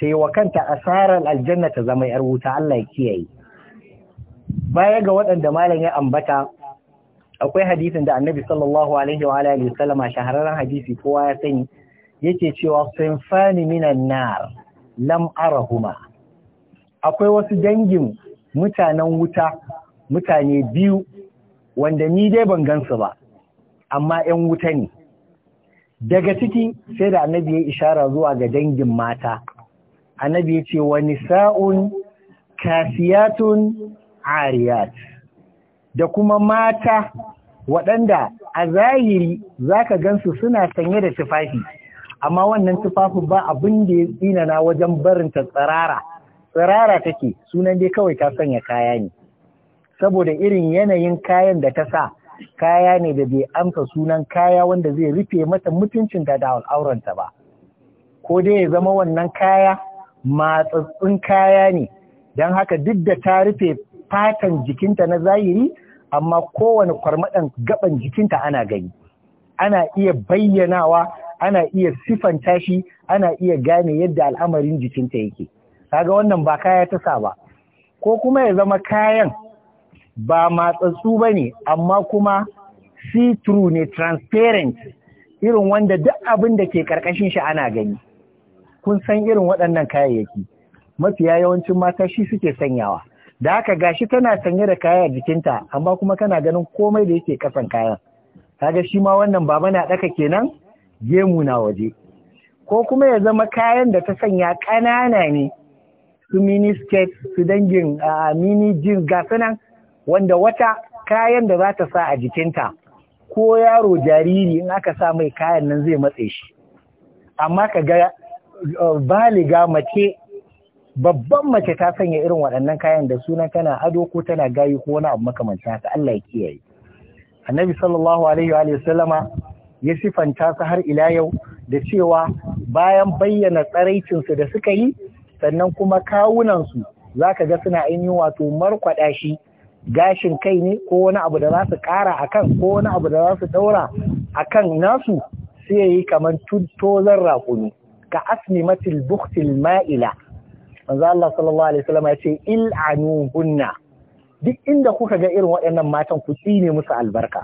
ta yi wa kanta asarar aljanna ta zama yar wuta Allah ya kiyaye baya ga waɗanda malam ya ambata akwai hadisin da annabi sallallahu alaihi wa alihi sallama shahararren hadisi kowa ya sani yake cewa sinfani minan nar lam arahuma akwai wasu dangin mutanen wuta mutane biyu wanda ni dai ban gansu ba amma 'yan wuta ne daga ciki sai da annabi ya ishara zuwa ga dangin mata annabi ya ce wa nisa'un kasiyatun ariyat da kuma mata waɗanda a zahiri za ka gansu suna sanye da tufafi amma wannan tufafin ba abin da ya na wajen barin ta tsirara tsirara take sunan dai kawai ta sanya kaya ne saboda irin yanayin kayan da ta sa kaya ne da bai amsa sunan kaya wanda zai rufe mata mutuncin da da al'auranta ba ko dai ya zama wannan kaya matsatsun kaya ne don haka duk da ta rufe fatan jikinta na zahiri amma kowane kwarmaɗan gaban jikinta ana gani ana iya bayyanawa ana iya sifanta shi ana iya gane yadda al'amarin jikinta yake kaga wannan ba kaya ta sa ba ko kuma ya zama kayan ba matsatsu ba ne amma kuma see-through ne transparent irin wanda duk abin da ke karkashin shi ana gani kun san irin waɗannan kayayyaki mafiya yawancin mata shi suke sanyawa da haka gashi tana sanye da kaya a jikinta amma kuma kana ganin komai da yake kasan kayan kaga shi ma wannan baba na ɗaka kenan gemu na waje ko kuma ya zama kayan da ta sanya ƙanana ne su mini skirt su dangin mini jeans ga sanan wanda wata kayan da za ta sa a jikinta ko yaro jariri in aka sa mai kayan nan zai matse shi amma ka ga uh, baliga mace babban mace ta sanya irin waɗannan kayan da suna tana ado ko tana gayu ko wani abu makamanta ta Allah ya kiyaye annabi sallallahu alaihi wa sallama ya sifanta su har ila yau da cewa bayan bayyana tsaraicinsu da suka yi sannan kuma kawunansu za ka ga suna ainihin wato markwaɗa shi gashin kai ne ko wani abu da za su ƙara a kan ko wani abu da za su ɗaura a kan nasu sai yi kamar tozon raƙumi ka asmi matil buktil ma'ila manzo Allah sallallahu alaihi wasallam ya ce il'anu hunna duk inda kuka ga irin waɗannan matan ku tsine musu albarka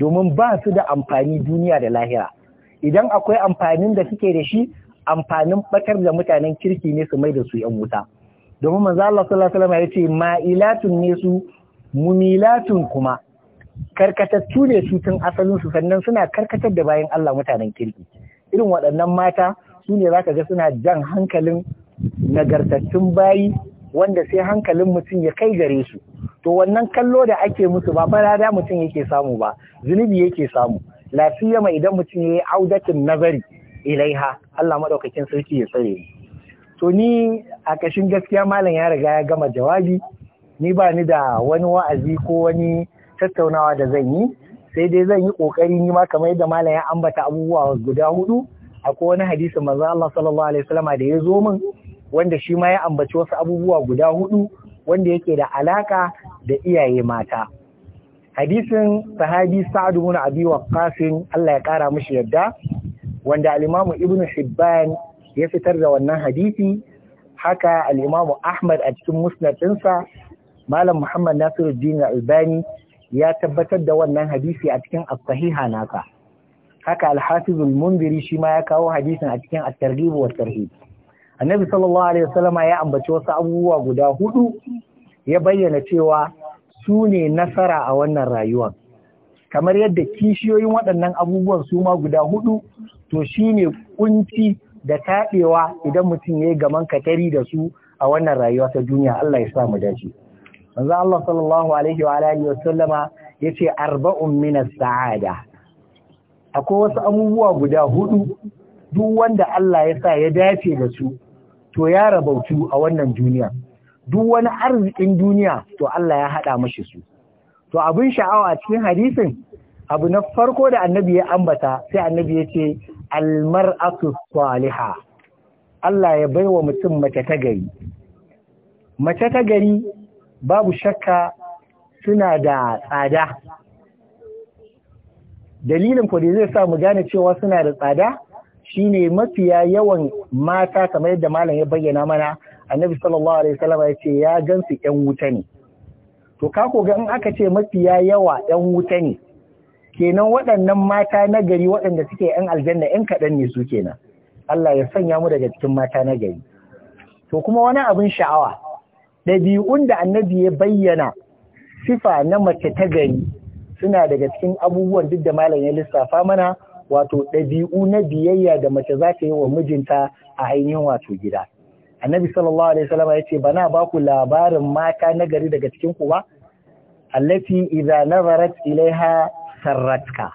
domin ba su da amfani duniya da lahira idan akwai amfanin da suke da shi amfanin ɓatar da mutanen kirki ne su mai da su yan wuta domin manzo Allah sallallahu alaihi wasallam ya ce ma'ilatun ne su mumilatun kuma karkatattu ne su tun asalinsu sannan suna karkatar da bayan Allah mutanen kirki irin waɗannan mata su ne zaka ga suna jan hankalin nagartattun bayi wanda sai hankalin mutum ya kai gare su to wannan kallo da ake musu ba farada mutum yake samu ba zunubi yake samu lafiya mai idan mutum ya yi audatin nazari ilaiha Allah maɗaukakin sarki ya tsare to ni a kashin gaskiya malam ya riga ya gama jawabi ni ba ni da wani wa'azi ko wani tattaunawa da zan yi sai dai zan yi kokari ni ma kamar yadda malam ya ambata abubuwa guda hudu akwai wani hadisin manzo Allah sallallahu alaihi wasallama da ya zo min wanda shi ma ya ambaci wasu abubuwa guda hudu wanda yake da alaka da iyaye mata hadisin sahabi Sa'ad ibn Abi Waqqas Allah ya kara mishi yadda wanda al-Imam ibnu Hibban ya fitar da wannan hadisi haka al imamu Ahmad a cikin musnad malam muhammad nasiruddin albani ya tabbatar da wannan hadisi a cikin as-sahiha naka haka al-hafiz al mundiri shi ma ya kawo hadisin a cikin at-targhib wa tarhib annabi sallallahu alaihi wasallama ya ambaci wasu abubuwa guda hudu ya bayyana cewa su ne nasara a wannan rayuwar kamar yadda kishiyoyin waɗannan abubuwan su ma guda hudu to shine kunci da taɗewa idan mutum ya yi gaman katari da su a wannan rayuwa ta duniya Allah ya sa mu dace. manzo Allah sallallahu alaihi wa alihi wa sallama yace arba'un min as-sa'ada akwai wasu abubuwa guda hudu duk wanda Allah ya sa ya dace da su to ya rabautu a wannan duniya duk wani arzikin duniya to Allah ya haɗa mashi su to abin sha'awa cikin hadisin abu na farko da annabi ya ambata sai annabi ya ce almar'atu salihah Allah ya baiwa mutum mace ta gari mace ta gari babu shakka suna da tsada dalilin kwa da zai sa mu gane cewa suna da tsada shine mafiya yawan mata kamar yadda malam ya bayyana mana annabi sallallahu alaihi wasallam ya ce ya gansu yan wuta ne to ka ko ga in aka ce mafiya yawa yan wuta ne kenan waɗannan mata nagari waɗanda suke yan aljanna yan kaɗan ne su kenan Allah ya sanya mu daga cikin mata nagari. to kuma wani abin sha'awa ɗabi'un da annabi ya bayyana sifa na mace ta gari suna daga cikin abubuwan duk da malam ya lissafa mana wato ɗabi'u na biyayya da mace za ta yi wa mijinta a ainihin wato gida annabi sallallahu alaihi wasallam ya ce bana ba ku labarin mata na gari daga cikin ku ba allati idza nazarat ilaiha sarratka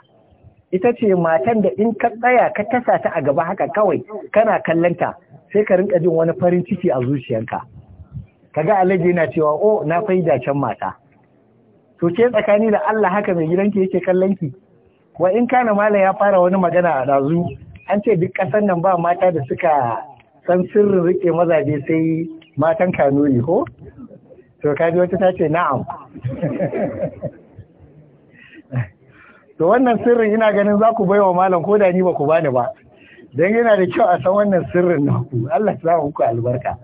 ita ce matan da in ka tsaya ka tasa ta a gaba haka kawai kana kallanta sai ka rinka jin wani farin ciki a zuciyarka. kaga alaji yana cewa oh na faida can mata to ke tsakani da Allah haka mai gidanki yake kallon ki wa in kana mala ya fara wani magana a dazu an ce duk kasan nan ba mata da suka san sirrin rike mazaje sai matan kanuri ko to kaji wata ta ce na'am [LAUGHS] to wannan sirrin ina ganin za ku wa malam ko da ni ba ku bani ba don yana da kyau a san wannan sirrin naku Allah ya sa muku albarka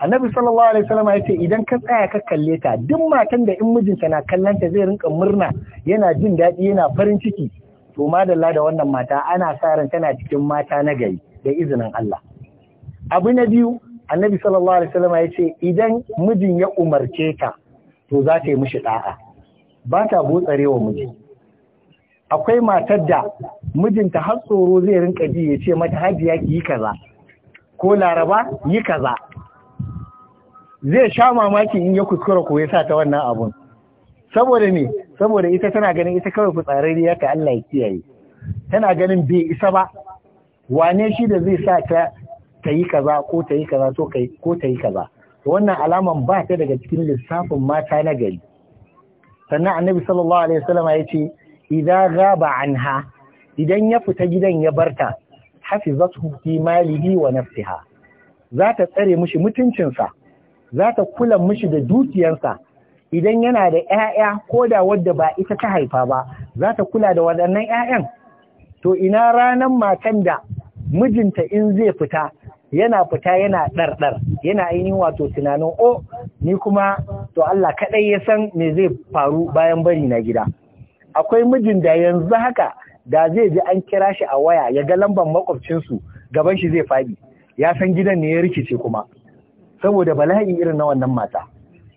annabi sallallahu alaihi wasallam ya ce idan ka tsaya ka kalle ta duk matan da in mijinta na kallon ta zai rinka murna yana jin daɗi yana farin ciki to madalla da wannan mata ana sa ran tana cikin mata na gari da izinin Allah abu na biyu annabi sallallahu alaihi wasallam ya ce idan mijin ya umarce ta to za ta yi mishi da'a ba ta botsarewa miji akwai matar da mijinta har tsoro zai rinka ji ya ce mata hajiya ki yi kaza ko laraba yi kaza zai sha mamaki in ya kuskura ko ya sa ta wannan abun saboda me saboda ita tana ganin ita kawai fitsararriya ka Allah ya kiyaye tana ganin bai isa ba wane shi da zai sa ta ta yi kaza ko ta yi kaza to kai ko ta yi kaza wannan alaman ba ta daga cikin lissafin mata na gari sannan annabi sallallahu alaihi wasallam ya ce idan gaba anha idan ya fita gidan ya barta hafizatu fi malihi wa nafsiha za ta tsare mushi mutuncinsa za ta kula mishi da dukiyansa idan yana da 'ya'ya ko da wadda ba ita ta haifa ba za ta kula da waɗannan 'ya'yan to ina ranar matan da mijinta in zai fita yana fita yana ɗarɗar yana ainihin wato tunanin o oh, ni kuma to Allah kaɗai ya san me zai faru bayan bari na gida akwai mijin da yanzu haka da zai ji an kira shi a waya ya ga lamban makwabcinsu gaban shi zai faɗi ya san gidan ne ya rikice kuma saboda bala'i irin na wannan mata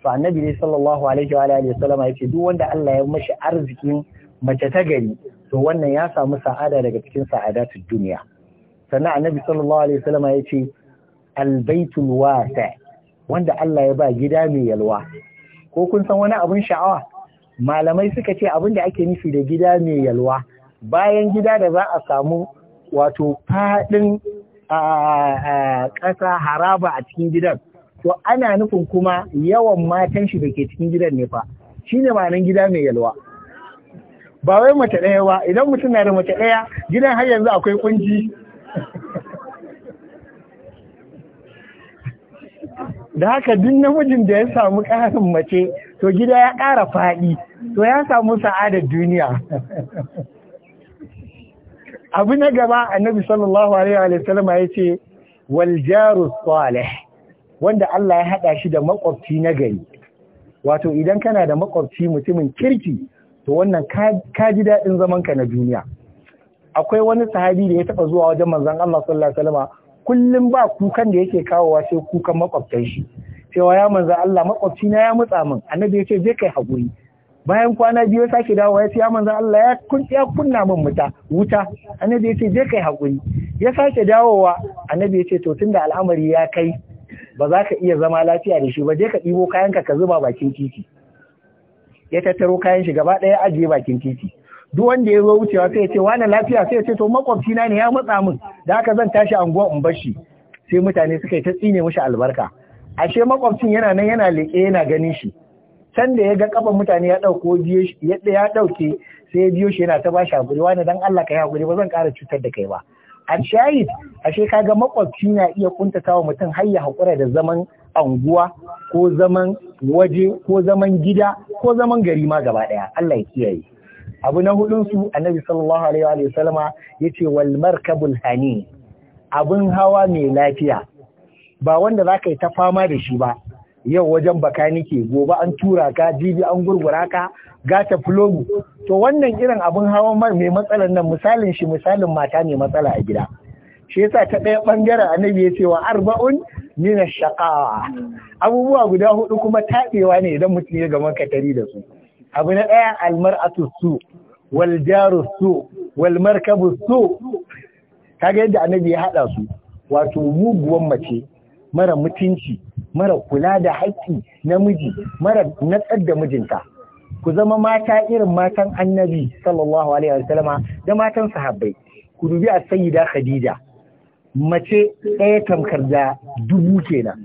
to annabi ne sallallahu alaihi wa alihi wasallama yace duk wanda Allah ya mashi arzikin mace ta gari to wannan ya samu sa'ada daga cikin sa'adatu duniya sannan annabi sallallahu alaihi wasallama yace albaitul wasi wanda Allah ya ba gida mai yalwa ko kun san wani abin sha'awa malamai suka ce abin da ake nufi da gida mai yalwa bayan gida da za a samu wato faɗin ƙasa haraba a cikin gidan to ana nufin kuma yawan matan shi da ke cikin gidan ne fa shine ma'anin gida mai yalwa ba wai mace ɗaya ba idan mutum na da mace ɗaya gidan har yanzu akwai kunji da haka duk namijin da ya samu ƙarin mace to gida ya ƙara faɗi to ya samu sa'adar duniya abu na gaba annabi sallallahu alaihi wa sallama ya ce wal jaru wanda Allah ya haɗa shi da makwabci na gari wato idan kana da makwabci mutumin kirki to wannan ka ji daɗin zamanka na duniya akwai wani sahabi da ya taɓa zuwa wajen manzan Allah sallallahu alaihi wasallam kullum ba kukan da yake kawowa sai kukan makwabtan shi cewa ya manzan Allah makwabci na ya mutsa min annabi ya ce je kai haƙuri. bayan kwana biyu ya sake dawowa ya ce ya manzan Allah ya kunna min wuta wuta annabi ya ce je kai haƙuri. ya sake dawowa annabi ya ce to tunda al'amari ya kai ba za ka iya zama lafiya da shi ba je ka ɗibo kayan ka zuba bakin titi ya tattaro kayan shi gaba ɗaya ajiye bakin titi duk wanda ya zo wucewa sai ya ce wani lafiya sai ya ce to makwabci na ne ya matsa min da haka zan tashi anguwa in bar shi sai mutane suka yi ta tsine mishi albarka ashe makwabcin yana nan yana leƙe yana ganin shi can da ya ga kafan mutane ya ɗauko ya ɗauke sai ya biyo shi yana ta bashi hakuri wani dan Allah ka yi hakuri ba zan ƙara cutar da kai ba a shahid ka kaga makwabci na iya kuntata wa mutum har ya haƙura da zaman anguwa ko zaman waje ko zaman gida ko zaman gari ma gaba ɗaya Allah ya kiyaye abu na hudun su annabi sallallahu alaihi wa sallama yace wal markabul hani abun hawa mai lafiya ba wanda zaka yi ta fama da shi ba yau wajen bakanike gobe an tura ka jibi an gurgura ka gata fulogu to wannan irin abin hawa mai matsalar nan misalin shi misalin mata ne matsala a gida shi yasa ta ɗaya ɓangaren annabi ya ce wa arba'un nina shaqawa abubuwa guda hudu kuma taɓewa ne idan mutum ya gaban katari da su abu na ɗaya almar'atu su wal jaru wal markabu su kaga yadda annabi ya haɗa su wato muguwan mace mara mutunci mara kula da haƙƙi namiji mara natsar da mijinta ku zama mata irin matan annabi sallallahu alaihi da matan sahabbai ku dubi a sayyida khadija mace ɗaya tamkar da dubu kenan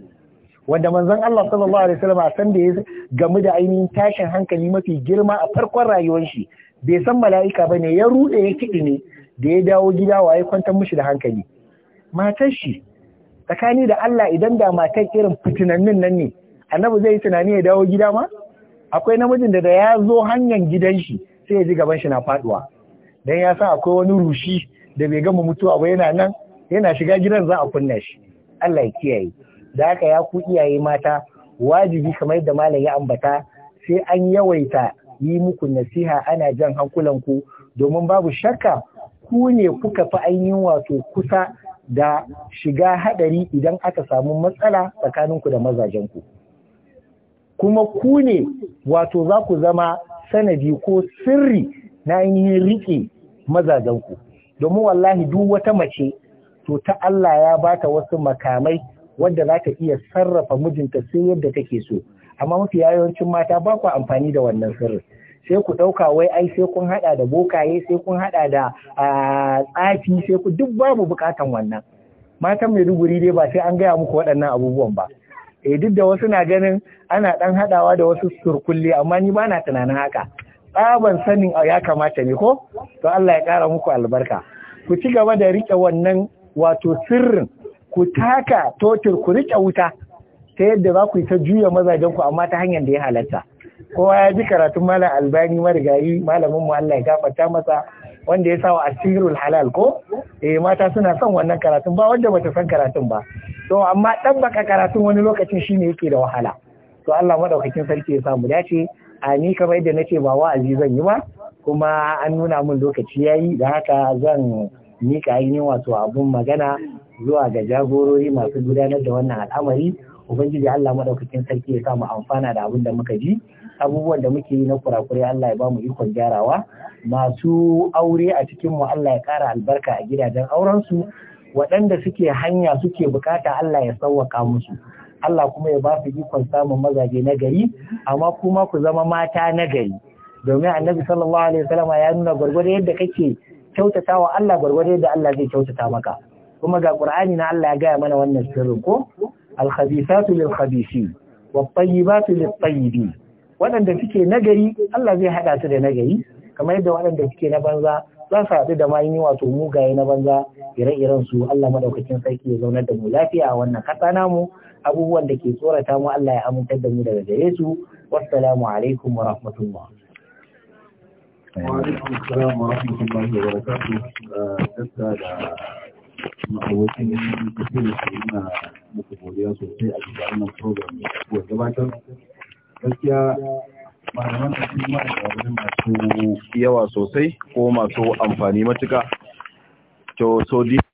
wanda manzon Allah sallallahu alaihi wasallam a san da ya game da ainihin tashin hankali mafi girma a farkon rayuwar shi bai san mala'ika bane ya rude ya kiɗi ne da ya dawo gida waye kwantar mushi da hankali matar shi tsakani da Allah idan da matar irin fitinannin nan ne annabi zai tunani ya dawo gida ma akwai namijin da da ya zo hanyar gidan shi sai ya ji gaban shi na faduwa dan ya sa akwai wani rushi da bai gama mutuwa ba yana nan yana shiga gidan za a kunna shi Allah ya kiyaye da haka ya ku iyaye mata wajibi kamar yadda malam ya ambata sai an yawaita yi muku nasiha ana jan hankulanku domin babu shakka ku ne kuka fi ainihin wato kusa da shiga haɗari idan aka samu matsala tsakaninku da mazajenku. kuma ku ne wato za ku zama sanadi ko sirri na ainihin riƙe mazajenku domin wallahi duk wata mace to ta Allah ya bata wasu makamai wadda za ta iya sarrafa mijinta sai yadda take so amma mafi yawancin mata ba ku amfani da wannan sirri. sai ku ɗauka wai ai sai kun haɗa da bokaye sai kun haɗa da tsafi sai ku duk babu bukatan wannan matan mai duburi dai ba sai an gaya muku waɗannan abubuwan ba eh duk da wasu na ganin ana dan hadawa da wasu surkulle amma ni na tunanin haka tsaban sanin ah, ya kamata ne ko to Allah ya kara muku albarka ku ci gaba da rike wannan wato sirrin ku taka totir ku rike wuta ta yadda za ku yi ta juya mazajen ku amma ta hanyar da ya halatta kowa ya ji karatun malam albani marigayi malamin mu Allah ya gafarta masa wanda ya sa wa asirul halal ko eh mata suna son wannan karatun ba wanda bata san karatun ba to amma baka karatun wani lokacin shine yake da wahala to Allah madaukakin sarki ya samu dace a ni kamar yadda nace ba wa'azi zan yi ba kuma an nuna min lokaci yayi da haka zan mika ainihin wato abun magana zuwa ga jagorori masu gudanar da wannan al'amari ubangiji Allah madaukakin sarki ya samu amfana da abun da muka ji abubuwan da muke yi na kurakurai Allah ya ba mu ikon gyarawa masu aure a cikin mu Allah ya kara albarka a gidajen auren su waɗanda suke hanya suke bukata Allah ya sauwaka musu Allah kuma ya ba su ikon samun mazaje na gari amma kuma ku zama mata na gari domin annabi sallallahu alaihi wasallam ya nuna gwargwado yadda kake kyautata wa Allah gwargwado yadda Allah zai kyautata maka kuma ga Qur'ani na Allah ya gaya mana wannan sirrin ko al-khabithatu lil-khabithin wat-tayyibatu lit-tayyibin waɗanda suke nagari Allah zai haɗa su da nagari kamar yadda waɗanda suke na banza za su haɗu da mayin wato mugaye na banza ire-iren su Allah madaukakin sarki ya zaunar da mu lafiya a wannan ƙasa namu abubuwan da ke tsorata mu Allah ya amintar da mu daga gare su wassalamu alaikum wa rahmatullah wa alaikum assalam wa rahmatullahi wa barakatuh ah, da ma'awakin tafiya su yana muku godiya sosai a cikin wannan program da gabatar gaskiya malaman da su masu yawa sosai ko masu amfani matuka to so